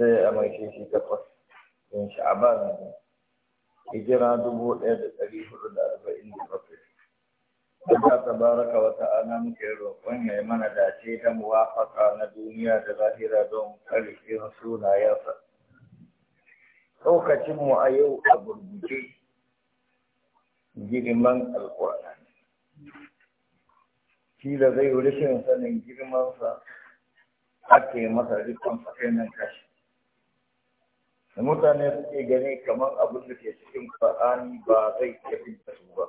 sai a maishe shi takwas in sha'aban hijira dubu ɗaya da ɗari hudu da arba'in da bakwai Allah tabaraka wa ta'ala muke roƙon ya yi mana dace ta muwafaka na duniya da lahira don ƙarfin sunayensa. Ɗaukacinmu a yau a gurguje girman alƙur'ani. Shi da zai shi sanin girmansa ake masa rikon sa kai nan kashi. da mutane suke gani kamar abin da ke cikin Qur'ani ba zai iya fita su ba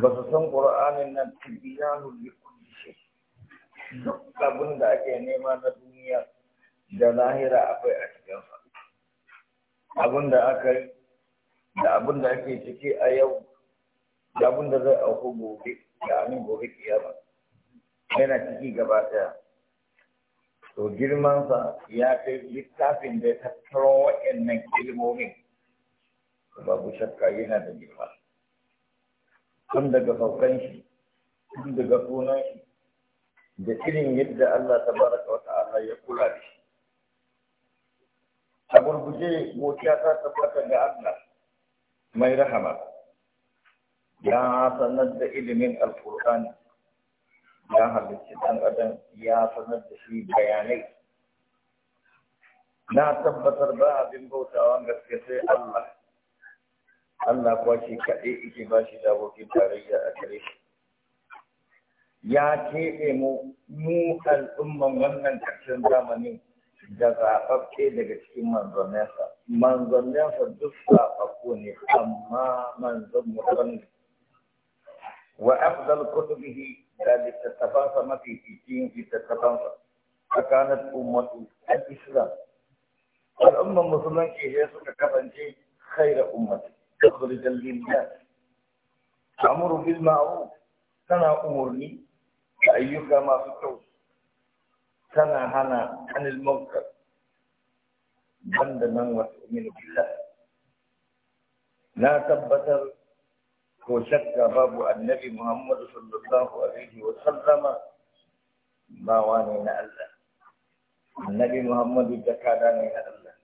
ba su san Qur'anin nan tibiyanu ne kudi shi duk abin da ake nema na duniya da lahira akwai a cikin sa abin da aka yi da abin da ake ciki a yau da abin da zai auku gobe da amin gobe kiyama yana ciki gaba ɗaya to girman sa ya kai littafin da ya tattaro waɗannan ilmomin babu shakka yana da girma tun daga saukan shi tun daga sunan shi da irin yadda Allah ta baraka wa ta'ala ya kula da shi a gurguje godiya ta tabbata ga Allah mai rahama ya sanar da ilimin alkur'ani ya halarci ɗan adam ya sanar da shi bayanai na tabbatar ba abin bautawan gaske sai Allah Allah kuwa shi kaɗai yake ba shi da abokin tarayya a gare shi ya keɓe mu mu al'umman wannan ƙarshen zamani da zaɓaɓɓe daga cikin manzannensa manzannensa duk zaɓaɓɓu ne amma manzon mutum wa afdal kutubihi ga littattafansa mafi cikin littattafansa tsakanin ummatu a islam al'ummar musulunci sai suka kasance khaira ummati tukhrijal linnas Amur bil ma'ruf tana umurni da ayyuka masu kyau tana hana anil munkar banda nan wa tu'minu billah na tabbatar ko shakka babu annabi Muhammad sallallahu alaihi wa sallama bawa ne na Allah annabi Muhammad jakada ne na Allah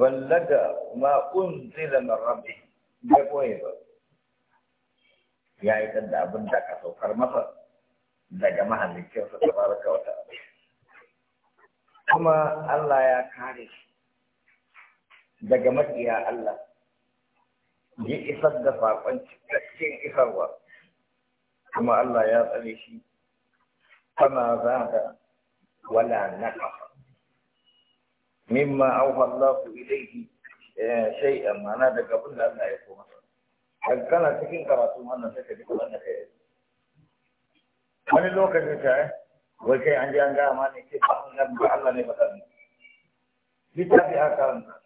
ballaga ma unzila min rabbi bai koyi ba ya yi da abin da aka saukar masa daga mahallicinsa tabaraka wata kuma Allah ya kare shi daga makiya Allah ya isar da saƙon cikakken isarwa kuma Allah ya tsare shi fama za ka wala naƙafa mimma auha Allah ilaihi eh, shay'an mana daga abin da Allah ya koma daga kana cikin karatu wannan sai ka ji kuma da kai wani lokaci ta wai kai an ji an ga ma ne ce ba Allah ne ba ta littafi a karanta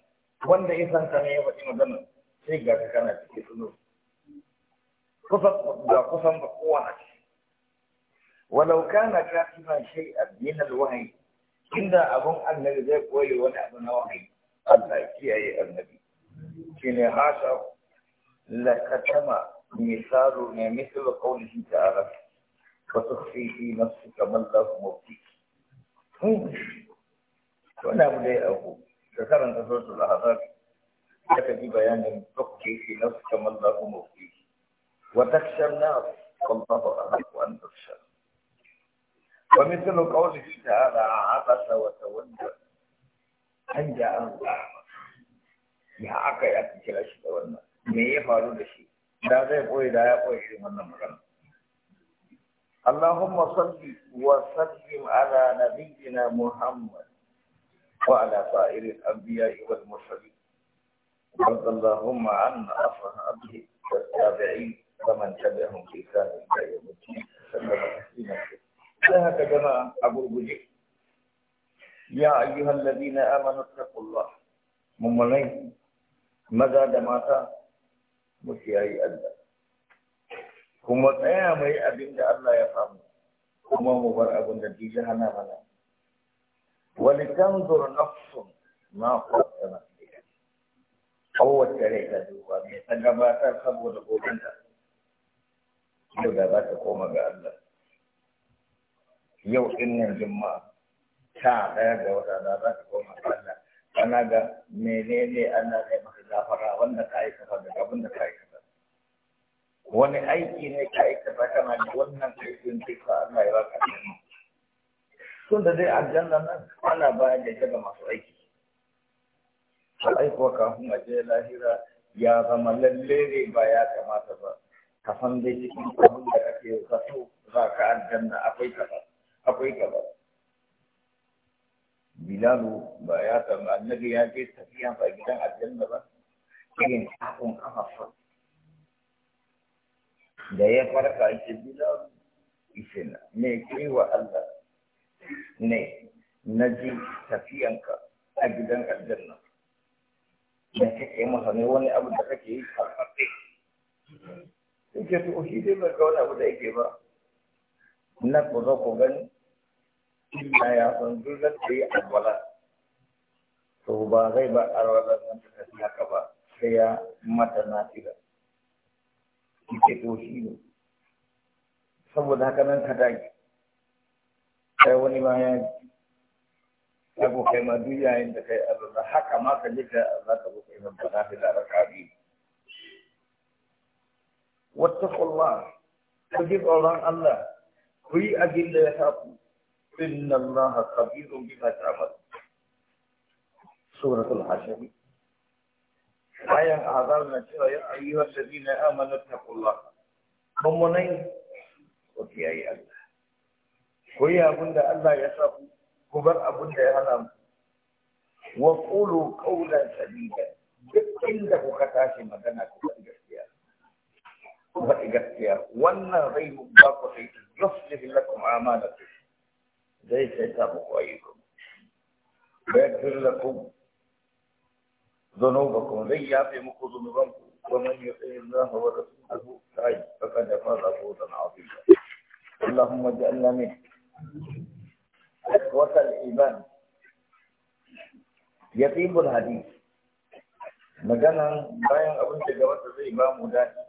wanda isan ka ne ya faɗi maganar sai ga ka kana cikin suno kusan ga kusan ba kowa na ci walau kana katiban shay'an min al-wahyi inda abun annabi zai koyi wani abu na wahayi Allah kiyaye annabi shine hasha la katama misalu ne misal qawlihi ta'ala wa tukhfi fi nafsika ma la mubtik wannan abu dai abu da karanta suratul ahzab في بيان تبكي في نفسك ما الله مبكيك وتخشى الناس والله أحب ان تخشى ومثل قولك تعالى عبس وتولى ان جاء الاعمى يا عكا يا شيء شتولنا ميه فارو دشي لا غير قوي لا يقوي من مغنى اللهم صل وسلم على نبينا محمد وعلى سائر الانبياء والمرسلين وارض اللهم عن اصحابه والتابعين ومن تبعهم في إلى يوم الدين وسلم جماعة أبو الوجه يا أيها الذين آمنوا اتقوا الله ممنين مدى دماتا مسيئي أدى كما تأمي أبين الله يفهم كما مبر أبو النتيجة هنا هنا ولتنظر نفس ما قدمت kowace rai ta duba mai ta gabatar saboda gobanta yau da za ta koma ga Allah yau din nan jumma ta daya ga wata da za ta koma ga Allah kana ga menene Allah zai maka gafara wanda ka kafa da abin da ka kafa wani aiki ne ka kafa kana da wannan aikin sai ka Allah ya baka tun da dai aljanna nan ana bayar da daga masu aiki ai kuwa kafin a je lahira ya zama lalle ne ba ya kamata ba ka san dai cikin abin da kake zato za ka aljanna akwai kaza akwai kaza bilalu ba ya san annabi ya je tafiya ba gidan aljanna ba cikin kafin kafa da ya farka ce bilalu isina me kai wa Allah ne na ji tafiyanka a gidan aljanna da kake masa ne wani abu da kake yi karfafe yake to shi dai wani abu da yake ba na ku zo ku gani ya san duk a bala. So, ba zai ba alwala nan ta tafi haka ba sai ya mata nafila yake to shi ne haka nan ka dage sai wani ya sai ko kai ma duk yayin da kai azza haka ma ka je kai azza ka zo kai babba ta fi laraka biyu wattaqullah ku ji tsoron Allah ku yi abin da ya taku inna Allah khabirun bima ta'mal suratul hashr ayan azal na cewa ya ayyuhal ladina amanu taqullah kuma ne ku kiyaye Allah ku yi abin da Allah ya taku kubar abin da ya hana mu wa qulu qawlan sadida duk inda kuka tashi magana ku faɗi gaskiya ku faɗi gaskiya wannan zai ba ku sai yuslih lakum amalakum zai sai ta muku ayyukum ويغفر لكم ذنوبكم لن يعطي مكو ذنوبكم ومن يطع الله ورسوله فقد فاز فوزا عظيما اللهم اجعلنا منه إخوة الإيمان يطيب الحديث maganan bayan abin da gabata zai ba mu daɗi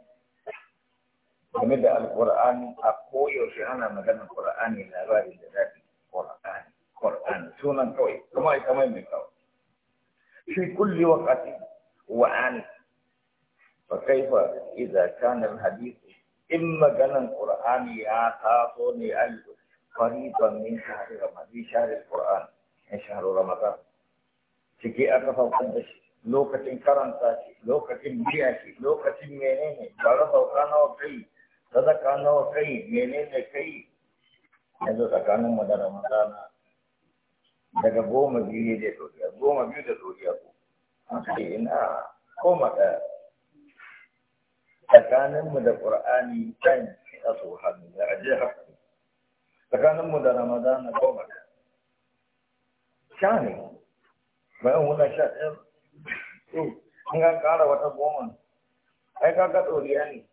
game da alkur'ani a koyaushe ana maganan ƙur'ani labarin da daɗi ƙur'ani ƙur'ani sunan kawai kuma ai kamar mai kawai shi kulli wakati wa'ani fa kaifa idza kana alhadith in maganan ƙur'ani ya taso ne al قريبا من شهر رمضان في شهر القرآن من شهر رمضان تجي أكفى وقدش لوكة كرنتا لوكة بيعشي لوكة منين جرفة وكان وكي صدقة وكي منين كي yanzu tsakanin mu da ramadana daga goma biyu ne da doriya goma biyu da doriya ko aka ina koma ɗaya tsakanin mu da a tsohon da tsakaninmu da ramadana goma sha ne bayan sha an ƙara wata goma ai ka ɗoriya ne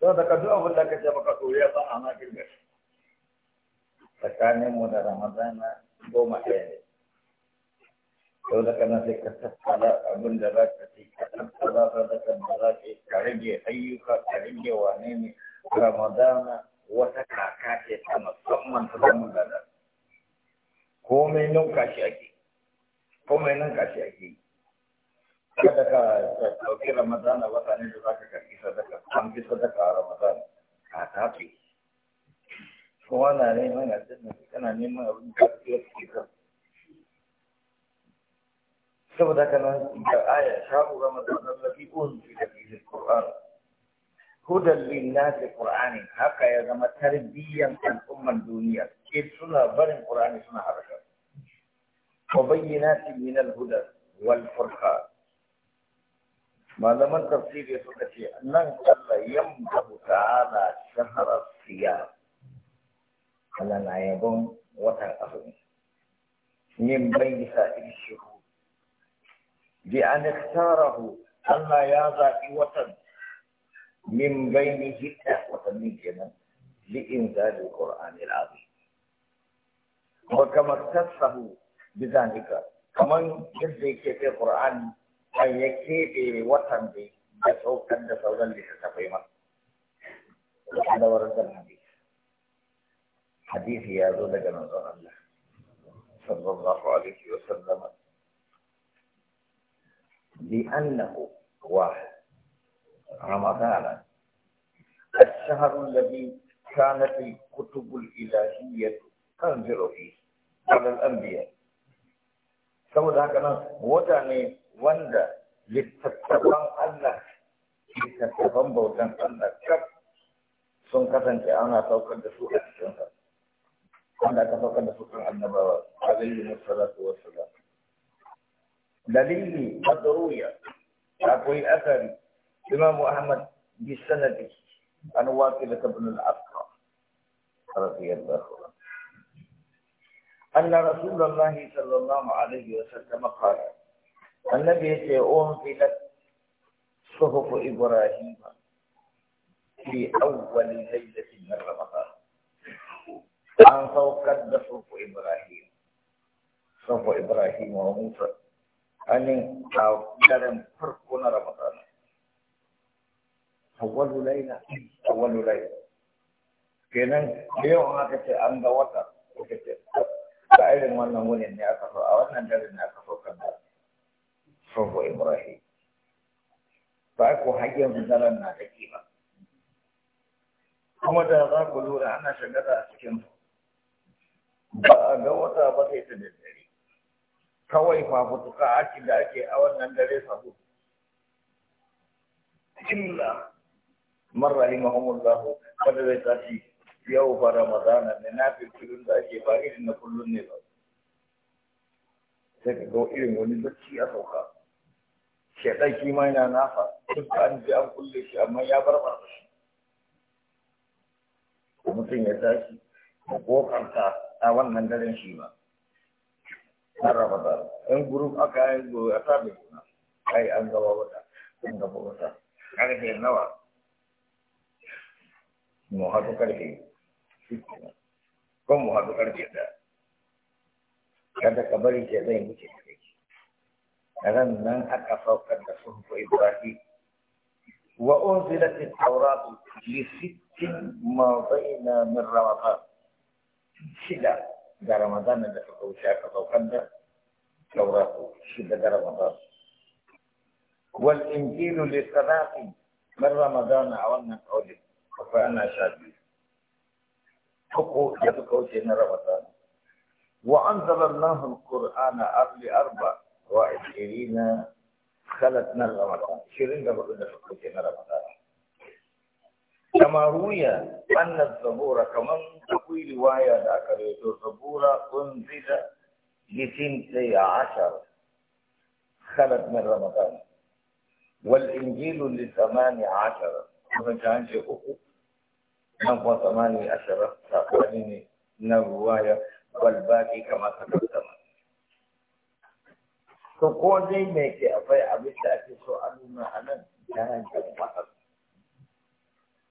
sau da ka abin da ka ce ɗoriya ba a makin da tsakaninmu da goma ɗaya ne sau da kana sai ka tattala abin da za ka ka tattala da kan da za ka rage ayyuka ka rage wane ne ramadana wata kaka ce ta musamman ta zaman gada komai nan kashi ake komai nan kashi ake kada ka ɗauki ramadana wata ne da za ka karki sadaka an fi sadaka a ramadana a tafi kowa na neman aljanna kana neman abin da ka iya fitar saboda haka nan ga aya sha'u ramadana lafi unzi da fi qur'an هدى لله في القرآن حقا يا زما تربيا الأمة الدنيا كيف سنة بر القرآن سنة حركة وبينات من الهدى والفرقان ما لم يسوك يسوع أن الله يمدح تعالى شهر الصيام على نعيبون وتنقفون من بين سائر الشهور بأن اختاره الله يا ذاك وتنقفون من إخوة من كمان لإنزال القرآن العظيم وكما اختصه بذلك كمان يزي كيف القرآن أن يكيب وطن بي يسوق كد سودا لتتفهم هذا ورد الحديث حديث يا رسول الله صلى الله عليه وسلم لأنه واحد رمضان الشهر الذي كانت الكتب الإلهية تنزل فيه على الأنبياء saboda haka nan wata ne wanda littattafan Allah littattafan bautan Allah kaf sun kasance ana saukar da su a cikin sa Allah da su kan dalili madruya akwai asari الإمام أحمد بسنده عن واقبة بن الأسقى رضي الله عنه أن رسول الله صلى الله عليه وسلم قال النبي أنزلت صحف إبراهيم في أول ليلة من رمضان أن توقد صحف إبراهيم صحف إبراهيم وموسى أن أو كلام فرقنا رمضان awwalu laila awwalu laila kenan da yau ke ce an ga wata aka ce ga irin wannan wurin ne aka so a wannan dare ne aka so kan da sobo ibrahim ba ko haƙƙin su daren na take ba kuma da za ku lura ana shagada a cikin ba a ga wata ba sai ta daddare kawai fafutuka ake da ake a wannan dare sabu illa man rahimahumullahu wanda zai tashi yau fa ramadana ne na filfilin da ake ba irin na kullum ne ba sai ka ga irin wani bacci a sauka shaɗan shi ma yana nafa duk an je an kulle shi amma ya bar ba shi mutum ya tashi da kokarta a wannan daren shi ba na Ramadana. Yan gurin aka yi a sami guna Kai an gaba wata an gaba wata an nawa mu haɗu karfe ko mu haɗu karfe da kada ka bari ke zai wuce da kai ran nan aka saukar da sun ko ibrahim wa unzilat at-taurat li sittin ma baina min ramadan shida da ramadan da ta kauce aka saukar da taurat shida da ramadan wal injilu li sanatin min ramadan a wannan kaulin akwai ana sha biyu uku ya fi kauce na raba ta wa an zalar nahun ƙur'ana arli arba wa ishiri na khalat na ramadan shirin da hudu da suka kauce na ramadan kama ruya annan zabura kaman akwai riwaya da aka reto zabura unzila لثنتي عشر خلت من رمضان والإنجيل لثمان عشر ومن كان شيء nan kuma samani a shirar sakani ne na ruwaya walbaki kamar sakar sama to ko dai mai ke akwai abin da so a nuna a nan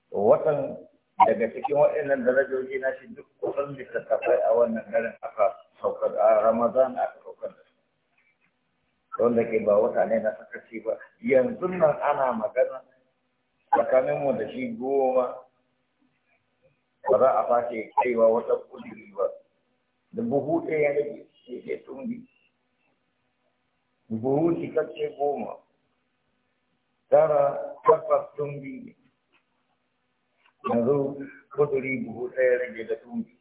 watan daga cikin waɗannan darajoji na shi duk kusan littattafai a wannan garin aka saukar a ramadan aka saukar da su wanda ke ba wata ne na sakaci ba yanzu nan ana magana tsakaninmu da shi goma ba za a sake kaiwa wata kudi ba da buhu ɗaya ne yake tumbi buhu cikakke goma tara takwas tumbi ne yanzu kuduri buhu ɗaya rage da tumbi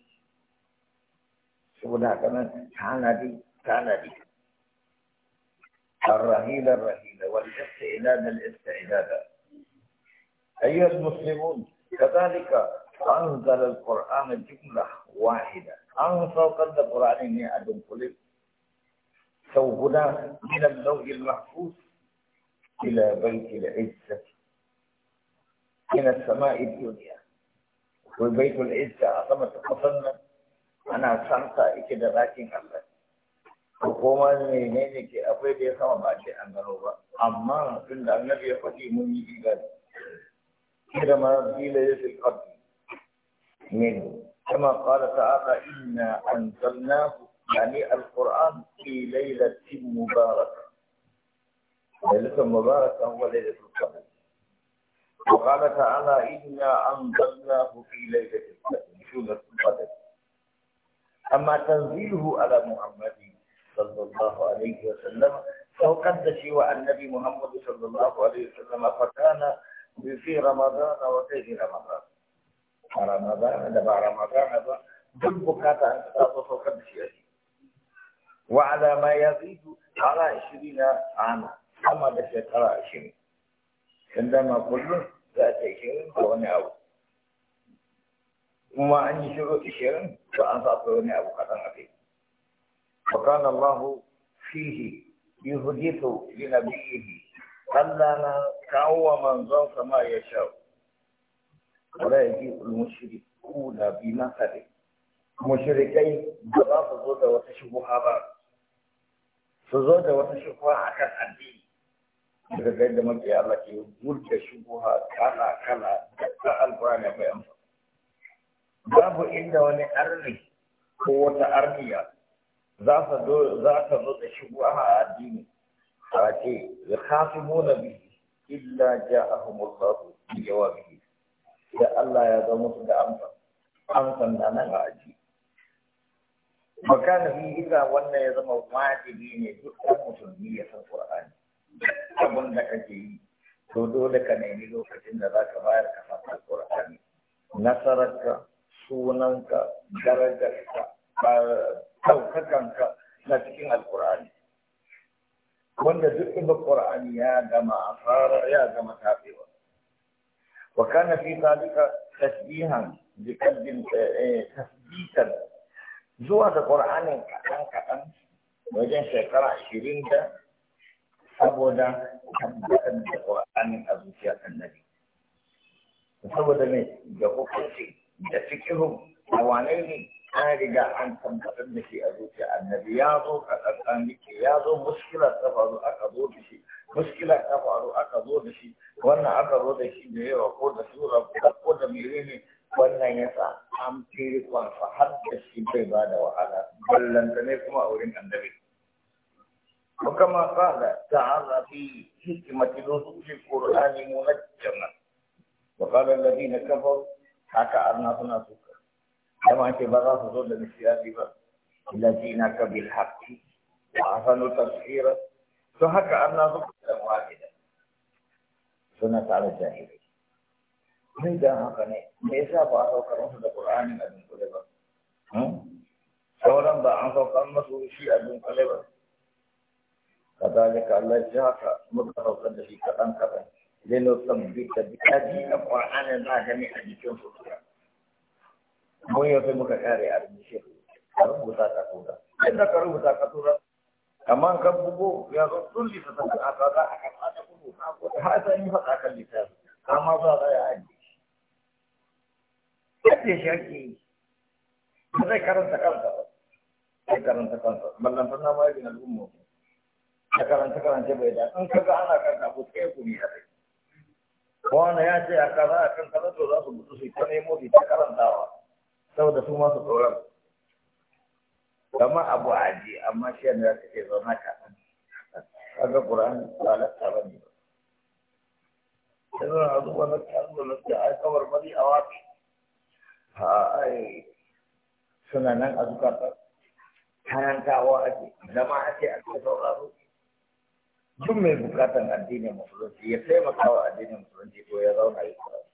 saboda haka nan tanadi tanadi الرهيل الرهيل والاستعداد الاستعداد أيها المسلمون كذلك anzal al-Qur'an jumlah wahida. An saukar da Qur'ani ne a dunkule. Sau guda ila lauhin mahfuz ila baiti da izza. Ina sama duniya. Kuwa baiti da izza a sama ta kasan nan ana santa ike da rakin Allah. Ko kuma ne ne ne ke akwai da sama ba ce an gano ba. Amma tun da annabi ya faɗi mun yi gani. Kira ma zila ya fi منه كما قال تعالى إنا أنزلناه يعني القرآن في ليلة مباركة ليلة مباركة هو ليلة القدر وقال تعالى إنا أنزلناه في ليلة القدر ليلة القدر أما تنزيله على محمد صلى الله عليه وسلم فهو قد سوى النبي محمد صلى الله عليه وسلم فكان في رمضان وفي رمضان a ramadana da ba ramadana ba duk bukata an ta zo saukar da shi a wa ala ma yazidu ala 20 ana amma da shekara 20 dan dama kullum za ta yi da wani abu kuma an yi shiru 20 to an sa wani abu kadan a kai wa kana Allah fihi yuhdithu li nabiyhi Allah na kawo manzon kama ya shawo wala yaji'ul mushrikuna bi masari mushrikai ba za su zo da wata shubuha ba su zo da wata shubuha akan addini daga gaida mabiya Allah ke gurda shubuha kala kala da ta alfurani mai amsa babu inda wani arni ko wata arniya za ta zo da shubuha a addini a ce ya kafi mona bihi illa ja'ahumullahu bi jawabihi da Allah ya zama musu da amsa Amsa na nan a aji makana ni ita wannan ya zama wajibi ne duk dukkan musulmi ya san Qur'ani abin da kake yi to dole ka nemi lokacin da zaka bayar ka san Qur'ani nasararka sunanka darajarka ka na cikin alkur'ani wanda duk inda qur'ani ya gama fara ya gama tafewa وكان في ذلك تشبيها بقلب تثبيتا زوا da Qur'anin kaɗan kaɗan wajen shekara ashirin da saboda tabbatar da Qur'anin a zuciyar annabi saboda ne da hukunci da fikihun a wane ne an riga an tabbatar da shi a zuciya annabi ya zo ka tsantsan dike ya zo muskilar ta faru aka zo da shi muskilar ta faru aka zo da shi wannan aka zo da shi da yawa ko da sura ko da ne wannan ya sa an fi kwanfa har da shi bai ba da wahala ballanta ne kuma a wurin annabi وكما قال تعالى في حكمة نزول القرآن منجما وقال الذين كفروا حكى suna سبحانه كما أنت بغى فضول المسياد بقى الذين بالحق وأحسنوا تسخيرا فهك أن ذكر واحدا سنة على الجاهل من ده هكذا ليس بعض القرآن في القرآن أبن قلبا sauran ba an saukan masu shi a dunkule ba kazalika Allah ya haka muka saukar da shi kaɗan kaɗan zai nusan bita bita bi na ƙwar'anin za a gani a jikin sutura mun yau sai muka kare a rubuce ka rubuta ka tura inda ka rubuta ka tura amma ka bugo ya zo tun lita ta kan aka za a kan aka bugo na ko har sai ni faɗa kan lita amma ba za a yi kace shi ake yi ba zai karanta kansa ba zai karanta kansa ballan fa na ma yin al'umma ta karanta karanta bai da in kaga ana karanta abu sai ku ne a kai wani ya ce a kaza a kan kaza to za su mutu su ta nemo su ta karantawa saboda su masu tsoron kama abu aji amma shi yana ta ce zauna kaɗan kaga ƙura'an halatta ba ne ba yanzu na zuwa na ta na ta ai kawar bari a wafi ha ai suna nan a zukata karantawa ake zama ake a cikin sauraro duk mai bukatan addinin musulunci ya taimaka wa addinin musulunci to ya zauna yi karatu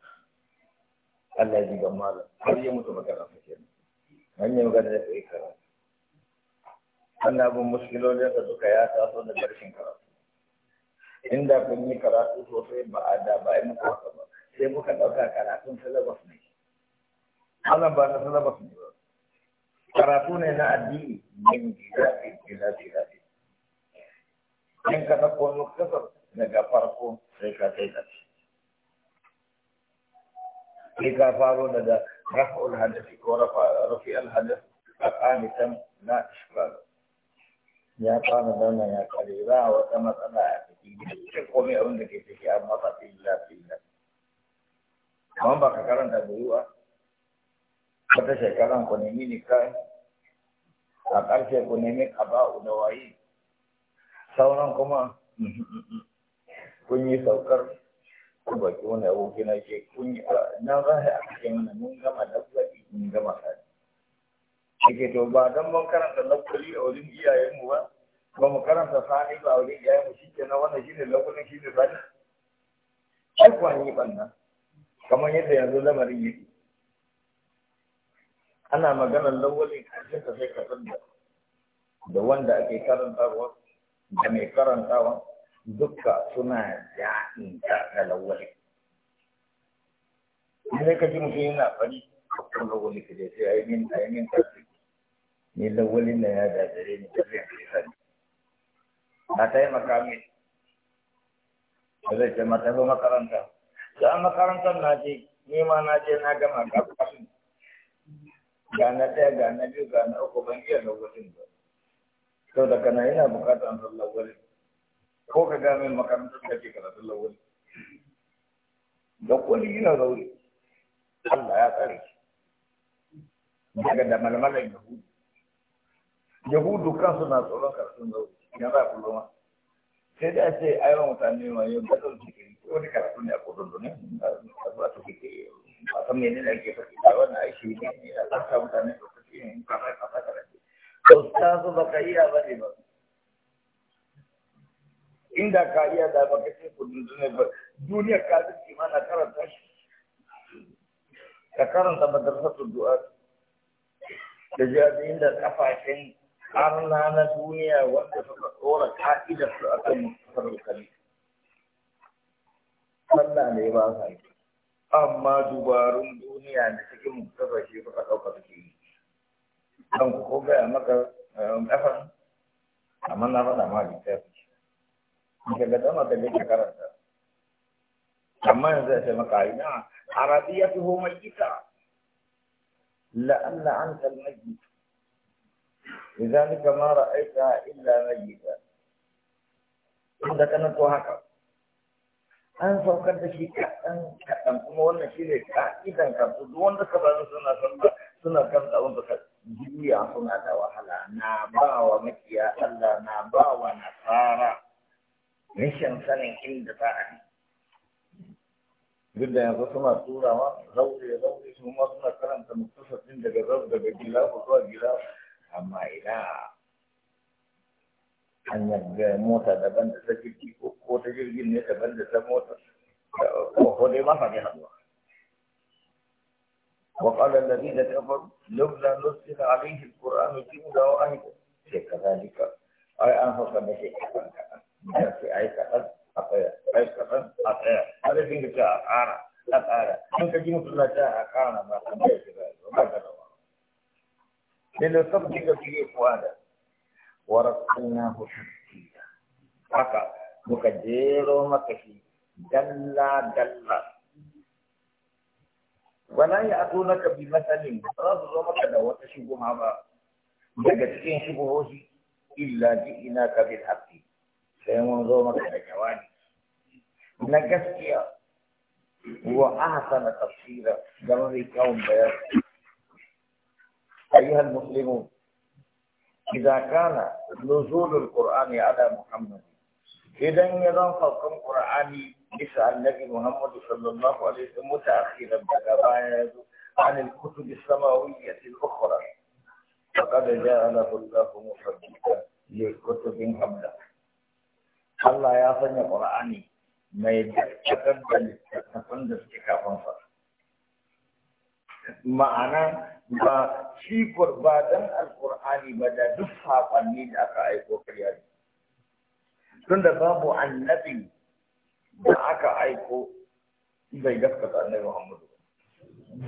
Allah ji gan malam har yi mutu magana sa kenan an yi magana da kai karatu wannan bin muskilolin da suka ya taso da karshen karatu inda kun yi karatu sosai ba a da ba yi muku haka ba sai muka ɗauka karatun salabas ne ana ba na salabas ne ba karatu ne na addini min gilafi gilafi gilafi in ka ɗauko kasar daga farko sai ka kai ƙarshe sai ka faro daga rafa'ul hadafi ko rafi'ul hadafi a kamitan na ishbal ya fara dana ya kare za a wata matsala a ciki cikin komai abin da ke ciki a ba illa illa amma ba ka karanta buyuwa wata shekaran ku nemi kai a ƙarshe ku nemi ƙaba'u da waye sauran kuma kun yi saukar ko baki wani aboki na ke kun a na zahiri a cikin wani mun gama labbali mun gama sani shi to ba don mun karanta labbali a wurin iyayenmu ba ba mu karanta sani ba a wurin iyayenmu shi ke na wannan shi ne labbalin shi ne sani ai kuwa ni banna kamar yadda yanzu lamarin yake ana maganar lawalin karshen ka sai ka da wanda ake karantarwa da mai karantawa dukka suna ja'in ta galawar sai ka ji mutum yana fari kan lawali ka je sai ai min ai min ka ni lawali na ya da ni ta zai sani na tai makami zai ce mata ba makaranta ya makarantar na je ni ma na je na gama ga kwasin ga na ɗaya ga na biyu ga na uku ban iya lawalin ba sau da kana yana bukatar lawalin ko ka ga makaranta ta da ke karatun lawali da kuli yana zaure Allah ya tsare shi daga da malmalan yahudu yahudu kansu na tsoron karatun zaure ya ba ku zama sai da ce ai ba mutane ma yau da tsoro suke wani karatu ne a kodon ne a zuwa su ke a san mene ne ake faɗi da wannan aiki ne a tsaka mutane da ke yin kasa kasa karatu. Ustazu baka iya bane ba. inda ka iya da baka ce ku dundune ba duniya ka ji kimana karanta shi ka karanta madrasatul du'a da jami'in da kafashin arna na duniya wanda suka tsora ka'ida su akan mustafarar kalli sallah ne ba sa yi amma dubarun duniya da cikin mustafar shi suka ɗauka ke yi don ku ko gaya maka ɗafan eh, amma na faɗa ma littafi ඉතින් ගත්තා ميتة لأن أنت الميت لذلك ما رأيتها إلا ميتة عندك أنت وهكا أن فوق الشيكا أن كأن تمول نشيرك إذا كنت دون دخل سنة سنة سنة كم تقول دخل جميع سنة وحلا نابا ومكيا ألا نابا ونصارا rashin sanin inda za a duk da yanzu suna turawa zaure zaure su ma suna karanta muktasafin daga zau daga gilafu zuwa gilafu amma ina hanyar da mota daban da ta jirgi ko ta jirgin ne daban da ta mota ko dai ma fa ne haɗuwa وقال الذين كفروا لولا نزل عليه القرآن جملة واحدة كذلك أي أنفسنا في حقك ya ce ai kaɗan a tsaya ai kaɗan a tsaya har da dinga ce a ƙara a ƙara an ka ji mutum na ce a ƙara ba a bai shi ba ba ka da ba da da sabbi ga fiye kuwa da warakunna hukumtiya muka jero maka shi dalla dalla wala ya ka bi masalin ba su zo maka da wata shugaba ba daga cikin shugaboshi illa ji ina ka bil haqqi sai mun zo maka da jawabi na gaskiya wa ahsana tafsira da mai kyawun bayani أيها المسلمون إذا كان نزول القرآن على محمد إذا يضم فوق القرآن يسأل النبي محمد صلى الله عليه وسلم متأخرا عن الكتب السماوية الأخرى فقد جعله الله مصدقا لكتب قبله Allah ya sanya Qur'ani mai dakatar da littattafan da suke kafin sa ma'ana ba shi ba dan alqur'ani ba da duk saƙonni da aka aiko kariya ne da babu annabi da aka aiko bai gaskata annabi Muhammadu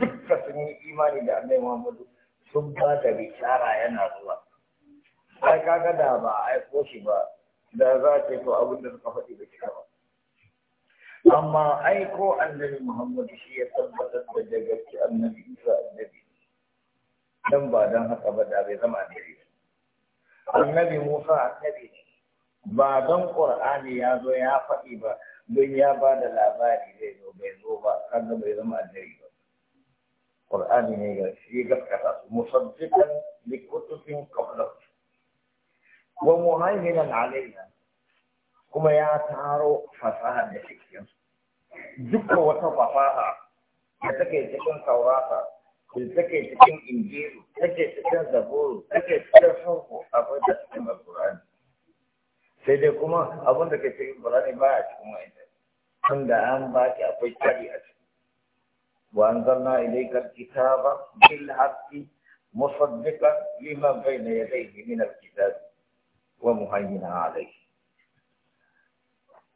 dukka sun yi imani da annabi Muhammadu sun ba da bishara yana zuwa ai kaga da ba aiko shi ba da za ka yi to abin da suka faɗi da kira ba amma aiko annabi Muhammad shi ya tabbatar da daga annabi Isa annabi dan ba dan haka ba da bai zama annabi annabi Musa annabi ne ba dan Qur'ani ya zo ya faɗi ba don ya ba da labari zai zo bai zo ba kaga bai zama annabi ba Qur'ani ne ga shi gaskata su musaddiqan likutubin qablahu wa muhaiminan alaina kuma ya taro fasaha da cikin da wata fasaha da take cikin taurata da take cikin injiru take cikin zaburu take cikin sunku akwai da cikin alkurani sai dai kuma abin da ke cikin alkurani ba a cikin wa'inda tunda an ba ki akwai kari a ciki wa an zanna ilaikar kitaba bil haqqi musaddiqan lima bayna yadayhi min al-kitabi ومهيمنا عليه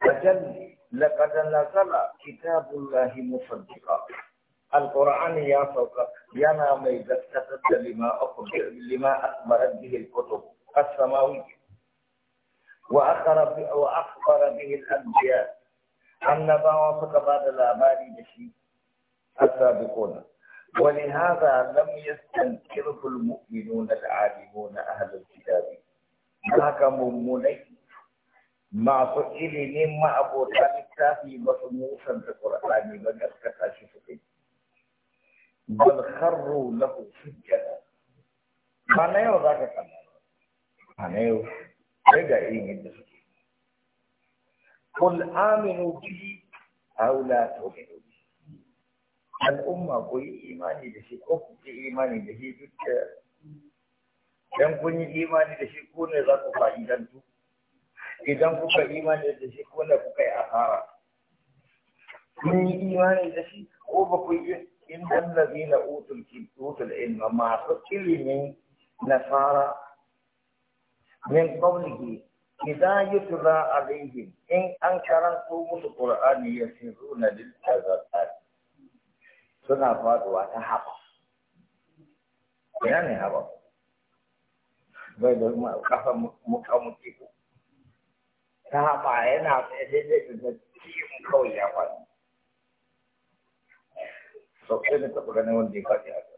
فجل لقد نزل كتاب الله مصدقا القرآن يا فوق يا ميزكتت لما أخبر لما أخبرت به الكتب السماوية وأخبر وأخبر به الأنبياء أن النبوة بعد الأبار بشيء السابقون ولهذا لم يستنكره المؤمنون العالمون أهل الكتاب haka mummunai masu ilimin ma'abota littafi ba su musanta ƙur'ani ba gaskata shi su kai bal kharru lahu sujjada ba na yau za ka kalla ba na yau sai ga irin yadda suke qul aminu bihi aw la tu'minu al'umma ku yi imani da shi ko ku yi imani da shi duk idan kun yi imani da shi ko ne za ku fa'idantu idan kuka imani da shi ko ne kuka yi asara kun yi imani da shi ko ba ku yi in dan lazina utul utul ilma masu ilimin nasara min qawlihi ida yutla alaihim in an karanto musu qur'ani yasiruna lil azab suna faduwa ta haba ina ne haba bai da kafa mukamuki ko ta haɓa yana tsaye daidai da cikin kawai ya faɗi So sai na taɓa ganin wanda ya faɗi haka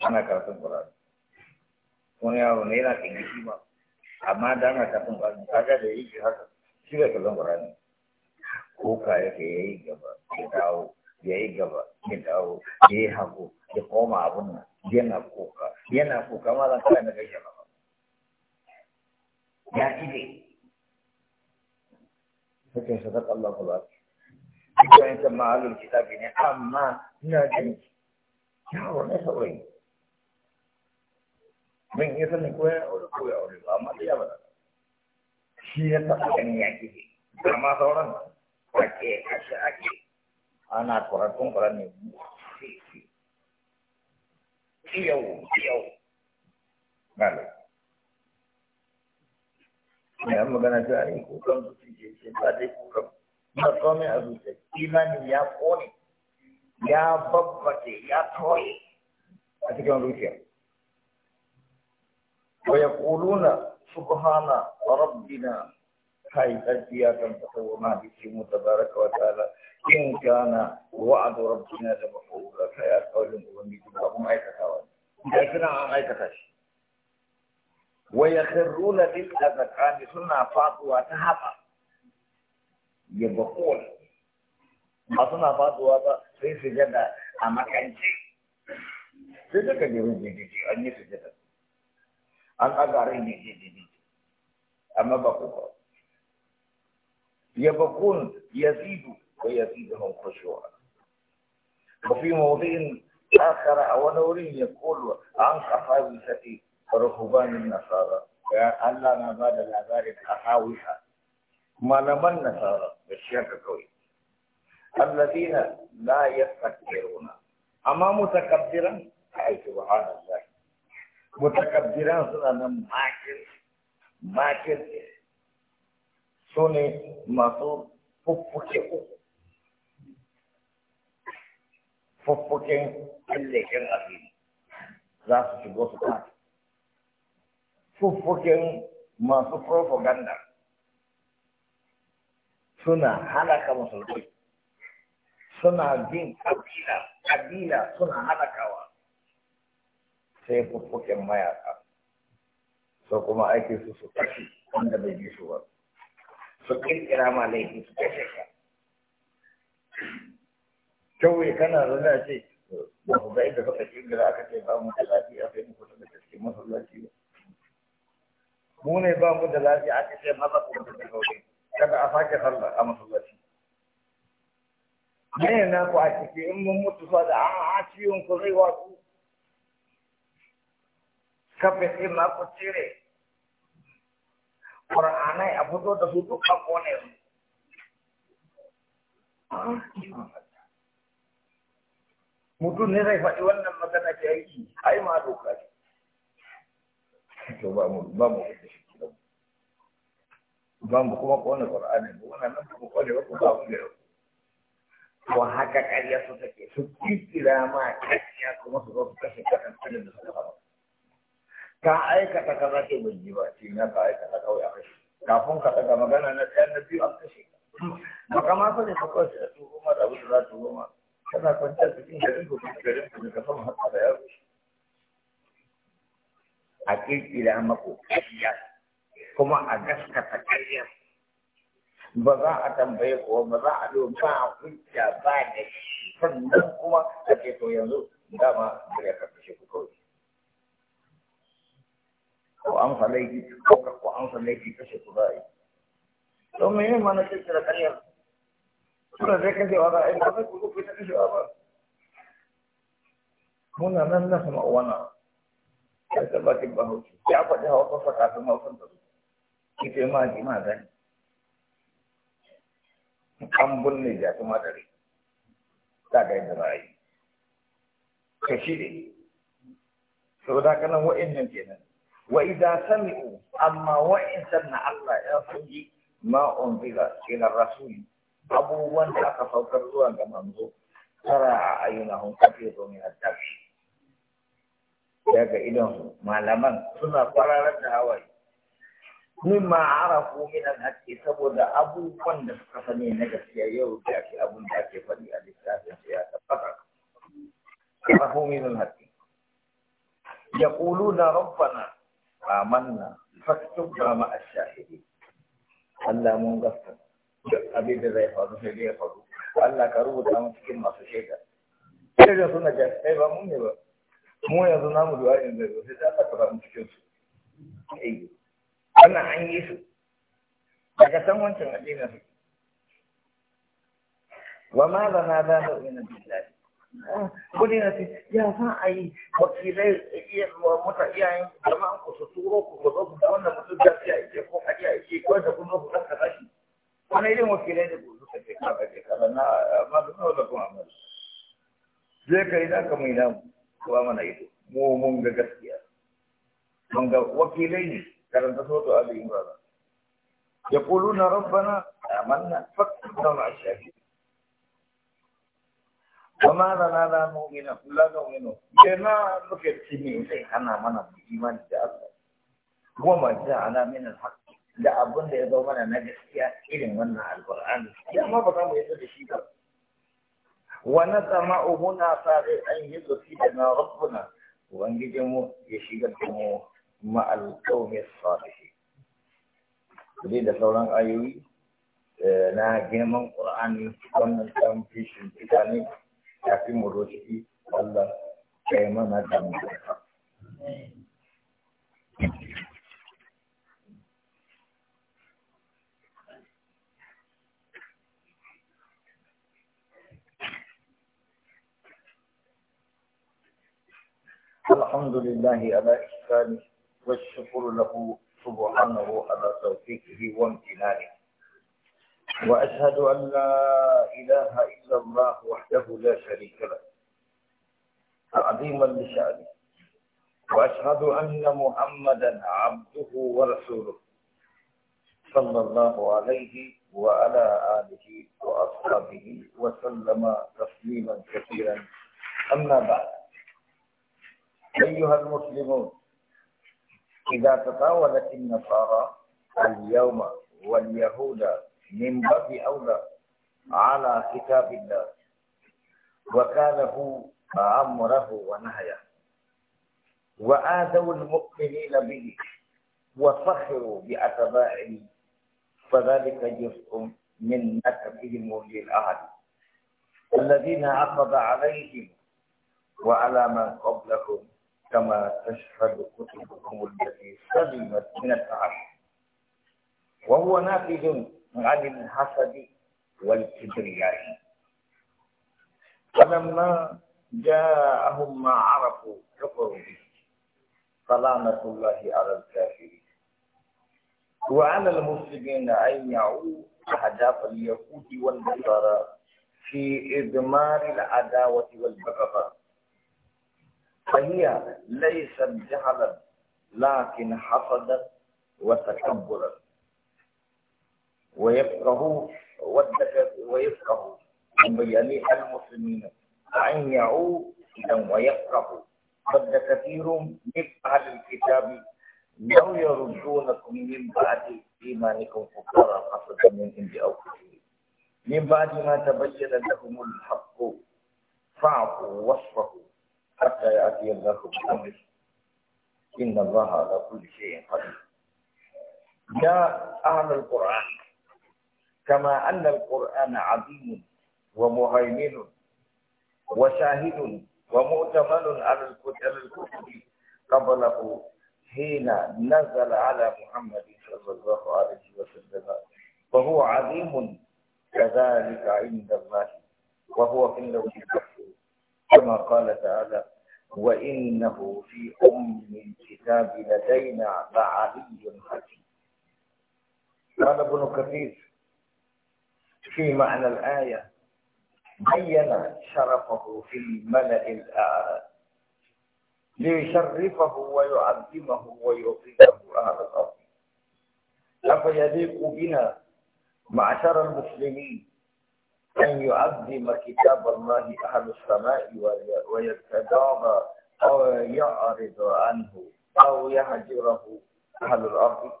ana karatun ƙurari wani yaro ne yana ƙingishi ba amma da ana karatun ƙurari kaga da yake haka shi ne karatun ƙurari kuka yake ya yi gaba ya dawo ya yi gaba ya dawo ya yi hagu ya koma abun nan yana kuka yana kuka ma zan kawai na gaishe ya ide suke sadaka Allah ku ba bayan kan ma'alul kitabi ne amma ina jin yawo ne saurayi ban iya sanin ko ya aure ko ya aure amma da ya shi ya taɓa ganin ya kike amma sauran ake ashe ake ana kuratun kuran ne yau yau Vale. mai magana ta yi kukan zuci ce ce ba dai kukan ba a zuci imanin ya kone ya babbace ya toye a cikin zuciya wa yaquluna subhana rabbina kai tsarki ya kan fata wa mahalici mu tabaraka wa ta'ala in kana wa'adu rabbina da mafa'ula kai alƙawarin ubangiji ba mu aikatawa ne da suna an aikata shi ويخرون للأذكار سنة فاطوة تهبا يبقول ما سنة فاطوة في سجدة أما كان شيء سجدة كجرون جي جي جي أني سجدة أنا غاريني جي جي جي أما بقوة يبقون يزيد ويزيدهم خشوعا وفي موضع آخر أو نور يقول عن خفاوي ستي ورهبان النصارى يا الله ما بعد الأذار الأحاويها ما لمن النصارى بالشيخ الكوي الذين لا يستكبرون أما متكبرا أي سبحان الله متكبرا سنة ماكر ماكر سنة مصور فبكي فبكي اللي كان أفين ذات شبوس قاتل fuffukin masu propaganda suna halaka musulmi suna bin kabila kabila suna halakawa sai fuffukin mayaka So kuma aiki su su kashi wanda bai bi su ba su kirkira ma laifi su kashe ka kawai kana zana ce ba ku ga inda suka kirkira aka ce ba mu da lafiya sai mu kusa da gaske masallaci ba Mune, ne da lafiya aka ce maza ku da dauri kada a sake sallah a masallaci ne na ku a ciki in mun mutu fa da a ciwon ku zai wasu kafin din na ku cire Qur'anai a fito da su duk a kone su mutum ne zai faɗi wannan magana ke aiki ai ma doka ce to ba mu ba mu da shi ba mu kuma ko kone Qur'ani ba wannan nan ko kone ba kuma ba mu da ko haka ƙarya su take su kikira ma ƙarya kuma su zo su kashe kasan da suka fara ka aikata ka ce ban ji ba shi na ka aikata ka a kashe kafin ka daga magana na ɗaya na biyu an kashe ba kama ka ne ko shi a tuhu ma da abu da za ta goma kana kwanciyar cikin garin ku garin ku da ka sama haka da yaro a kirkira maku kuma a gaskata kariya ba za a tambaye ko ba za a ba a hujja ba da shi sannan kuma a ce to yanzu dama daga karkashe ku kawai ko an falai ko ka ko an falai kashe ku za a yi to me ne mana kirkira kariyar suna zai kashewa za a yi ba zai kuka kashewa ba muna nan na sama wannan daga bakin bahaushe ya faɗi hawa fafa kafin hausan da su ita ma ji ma gani an bunne ja kuma dare ta ga yadda za a yi ka shi ne sau da kanan wa'annan kenan wa idan sami'u amma wa'ansan na Allah ya sun yi ma unzila ila rasuli abubuwan da aka saukar zuwa ga manzo tara a ayyuna hun kafe domin addabi daga idan malaman suna kwararar da hawaye mimma arafu min al-haqqi saboda abubuwan da suka sani na gaskiya yau da ake abun da ake faɗi a littafin ya tabbata arafu min al-haqqi yaquluna rabbana amanna faktubna ma ash shahidi Allah mun gaskata duk abin da zai faru sai dai ya faru Allah ka rubuta mu cikin masu shaida sai da suna jahilai ba mun ne ba mu yanzu namu du'a'in zai zo sai da aka cikin su wannan an yi su daga san wancan addinin su wa ma za na za da wani billahi kudi na ce ya san a yi wakilai mutan iyayen jama'an ku su turo ku ku zo ku ga wannan mutum da ya ake ko a iya ake ko da kun zo ku ɗan kasa shi wani irin wakilai da ku suka ce kaga ce kaga na amma da kuma da kuma amma zai kai za ka mai namu kuwa mana ido mu mun ga gaskiya mun ga wakilai ne karanta soto Ali Imran يقولون ربنا آمنا فاكتبنا مع الشاهدين وما لنا لا نؤمن لا نؤمن بما نكتب سنين سيحنا من الإيمان الله وما جعلنا من الحق da abin da ya zo mana na gaskiya irin wannan alkur'ani ya ma ba za mu yadda da shi ba ونطمع هنا فاغر أن يدخلنا ربنا وانجدهم يشيغلهم مع القوم الصالحين jadi ada seorang ayoyi na girman Quran wannan kan fishin kita ni kafin mu Allah kai mana da mu الحمد لله على إحسانه والشكر له سبحانه على توفيقه وامتنانه وأشهد أن لا إله إلا الله وحده لا شريك له تعظيما لشأنه وأشهد أن محمدا عبده ورسوله صلى الله عليه وعلى آله وأصحابه وسلم تسليما كثيرا أما بعد أيها المسلمون إذا تطاولت النصارى اليوم واليهود من باب أولى على كتاب الله وكانه أمره ونهيه وآذوا المؤمنين به وسخروا بأتباعه فذلك جزء من نكبهم للأهل الذين عقد عليهم وعلى من قبلهم كما تشهد كتبكم التي سلمت من التعب وهو ناتج عن الحسد والكبرياء فلما جاءهم ما عرفوا كفروا به سلامة الله على الكافرين وعلى المسلمين أن يعوا أهداف اليهود والنصارى في إدمار العداوة والبغضاء فهي ليست جهلا لكن حصدت وتكبرا ويفقه والذكر ويفقه يعني المسلمين أن يعود ويفقه قد كثير من أهل الكتاب لو يردونكم من بعد إيمانكم كفارا حصدا من عند من بعد ما تبين لهم الحق فاعفوا واصفحوا حتى يأتي الله بأمره إن الله على كل شيء قدير يا أهل القرآن كما أن القرآن عظيم ومهيمن وشاهد ومؤتمن على الكتب قبله حين نزل على محمد صلى الله عليه وسلم فهو عظيم كذلك عند الله وهو في اللوح كما قال تعالى وإنه في أم الكتاب لدينا لعلي حكيم قال ابن كثير في معنى الآية بين شرفه في الملأ الأعلى ليشرفه ويعظمه ويعطيه أهل الأرض أفيليق بنا معشر المسلمين أن يعظم كتاب الله أهل السماء ويتجاوز أو يعرض عنه أو يهجره أهل الأرض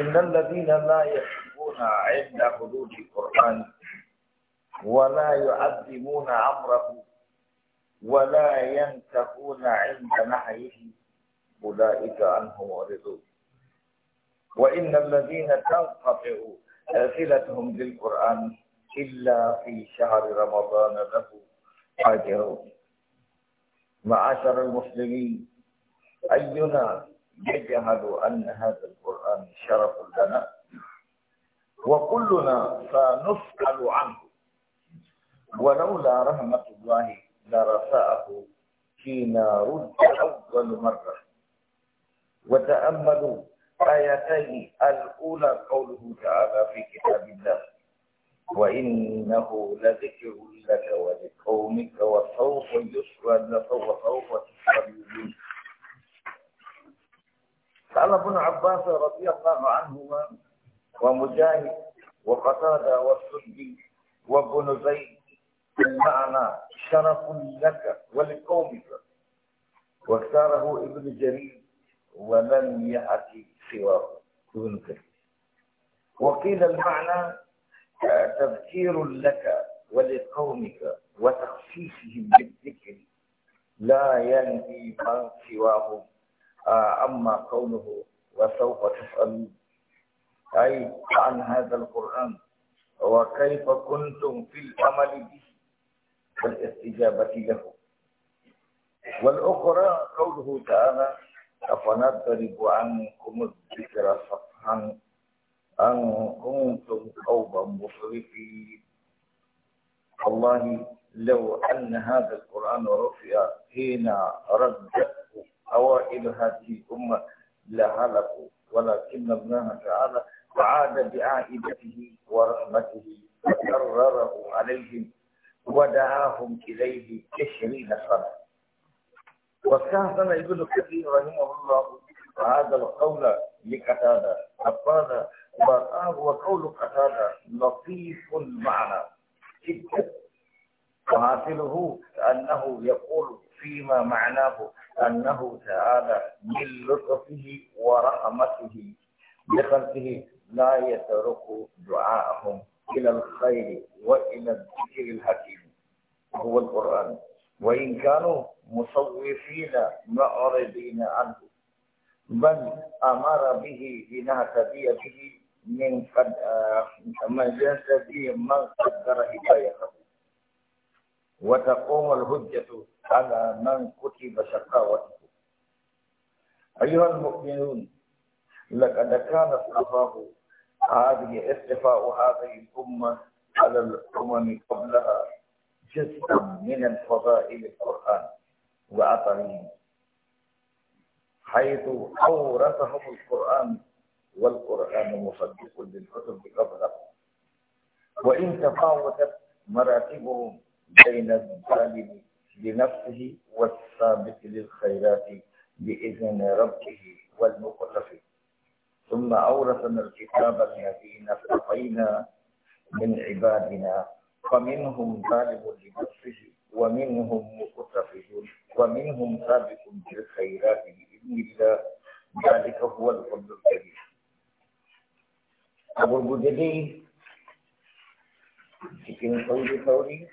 إن الذين لا يحبون عند حدود القرآن ولا يعظمون أمره ولا ينتهون عند نهيه أولئك عنهم معرضون وإن الذين تنقطع صلتهم للقرآن إلا في شهر رمضان له أجرون معاشر المسلمين أينا يجهل أن هذا القرآن شرف لنا وكلنا سنسأل عنه ولولا رحمة الله لرفعه فينا رد أول مرة وتأملوا آيتين الأولى قوله تعالى في كتاب الله وإنه لذكر لك ولقومك وسوف لك وسوف تسألون قال ابن عباس رضي الله عنهما ومجاهد وقتادة والسدي وابن زيد المعنى شرف لك ولقومك واختاره ابن جرير ولم يأتي سواه ينكر وقيل المعنى آه، تذكير لك ولقومك وتخصيصهم بالذكر لا ينهي من سواهم آه، أما قوله وسوف تسأل أي عن هذا القرآن وكيف كنتم في العمل به والاستجابة له والأخرى قوله تعالى أفنضرب عنكم الذكر صفحا أن كنتم قوما مصرفين والله لو أن هذا القرآن رفع حين ردته أوائل هذه الأمة لهلكوا ولكن الله تعالى عاد بعائدته ورحمته وكرره عليهم ودعاهم إليه عشرين سنة واستحسن ابن كثير رحمه الله هذا القول لقتادة فقال وقول قتادة لطيف المعنى جدا وحاصله أنه يقول فيما معناه أنه تعالى من لطفه ورحمته بخلقه لا يترك دعاءهم إلى الخير وإلى الذكر الحكيم وهو القرآن وإن كانوا مصوفين معرضين عنه بل أمر به لنهتدي به من قد آه، من به من قدر هدايته وتقوم الحجة على من كتب شقاوته أيها المؤمنون لقد كان الصفاه هذه اصطفاء هذه الأمة على الأمم قبلها جزءا من الفضائل القرآن وأثرهم حيث أورثهم القرآن والقرآن مصدق للكتب قبله وإن تفاوتت مراتبهم بين الظالم لنفسه والثابت للخيرات بإذن ربه والمخلف ثم أورثنا الكتاب الذين اصطفينا من عبادنا فمنهم طالب لنفسه ومنهم مقتصد ومنهم سابق بالخيرات باذن الله ذلك هو الفضل الكبير ابو البجلي يمكن صوري صوري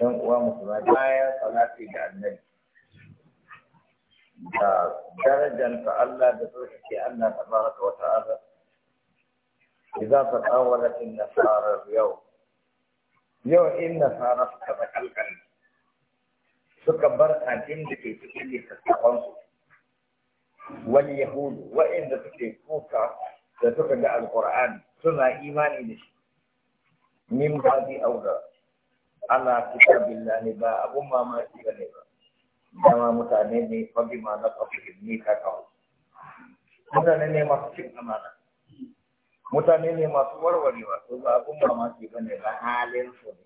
dan uwa musu na baya salati da annabi da إذا تطاولت النصارى اليوم يوم النصارى فقدت القلب سكبر أجن لكي تكلي تستقنص واليهود وإن تكتبوك لتكدع القرآن سنة إيمان لشي من بعد أولى على كتاب الله نباء أبو ما ما نباء dama متعنيني فبما fagi ma na ƙafi ne ka kawo mutane ne masu warwarewa to ba abun mamaki ba ne ba halin su ne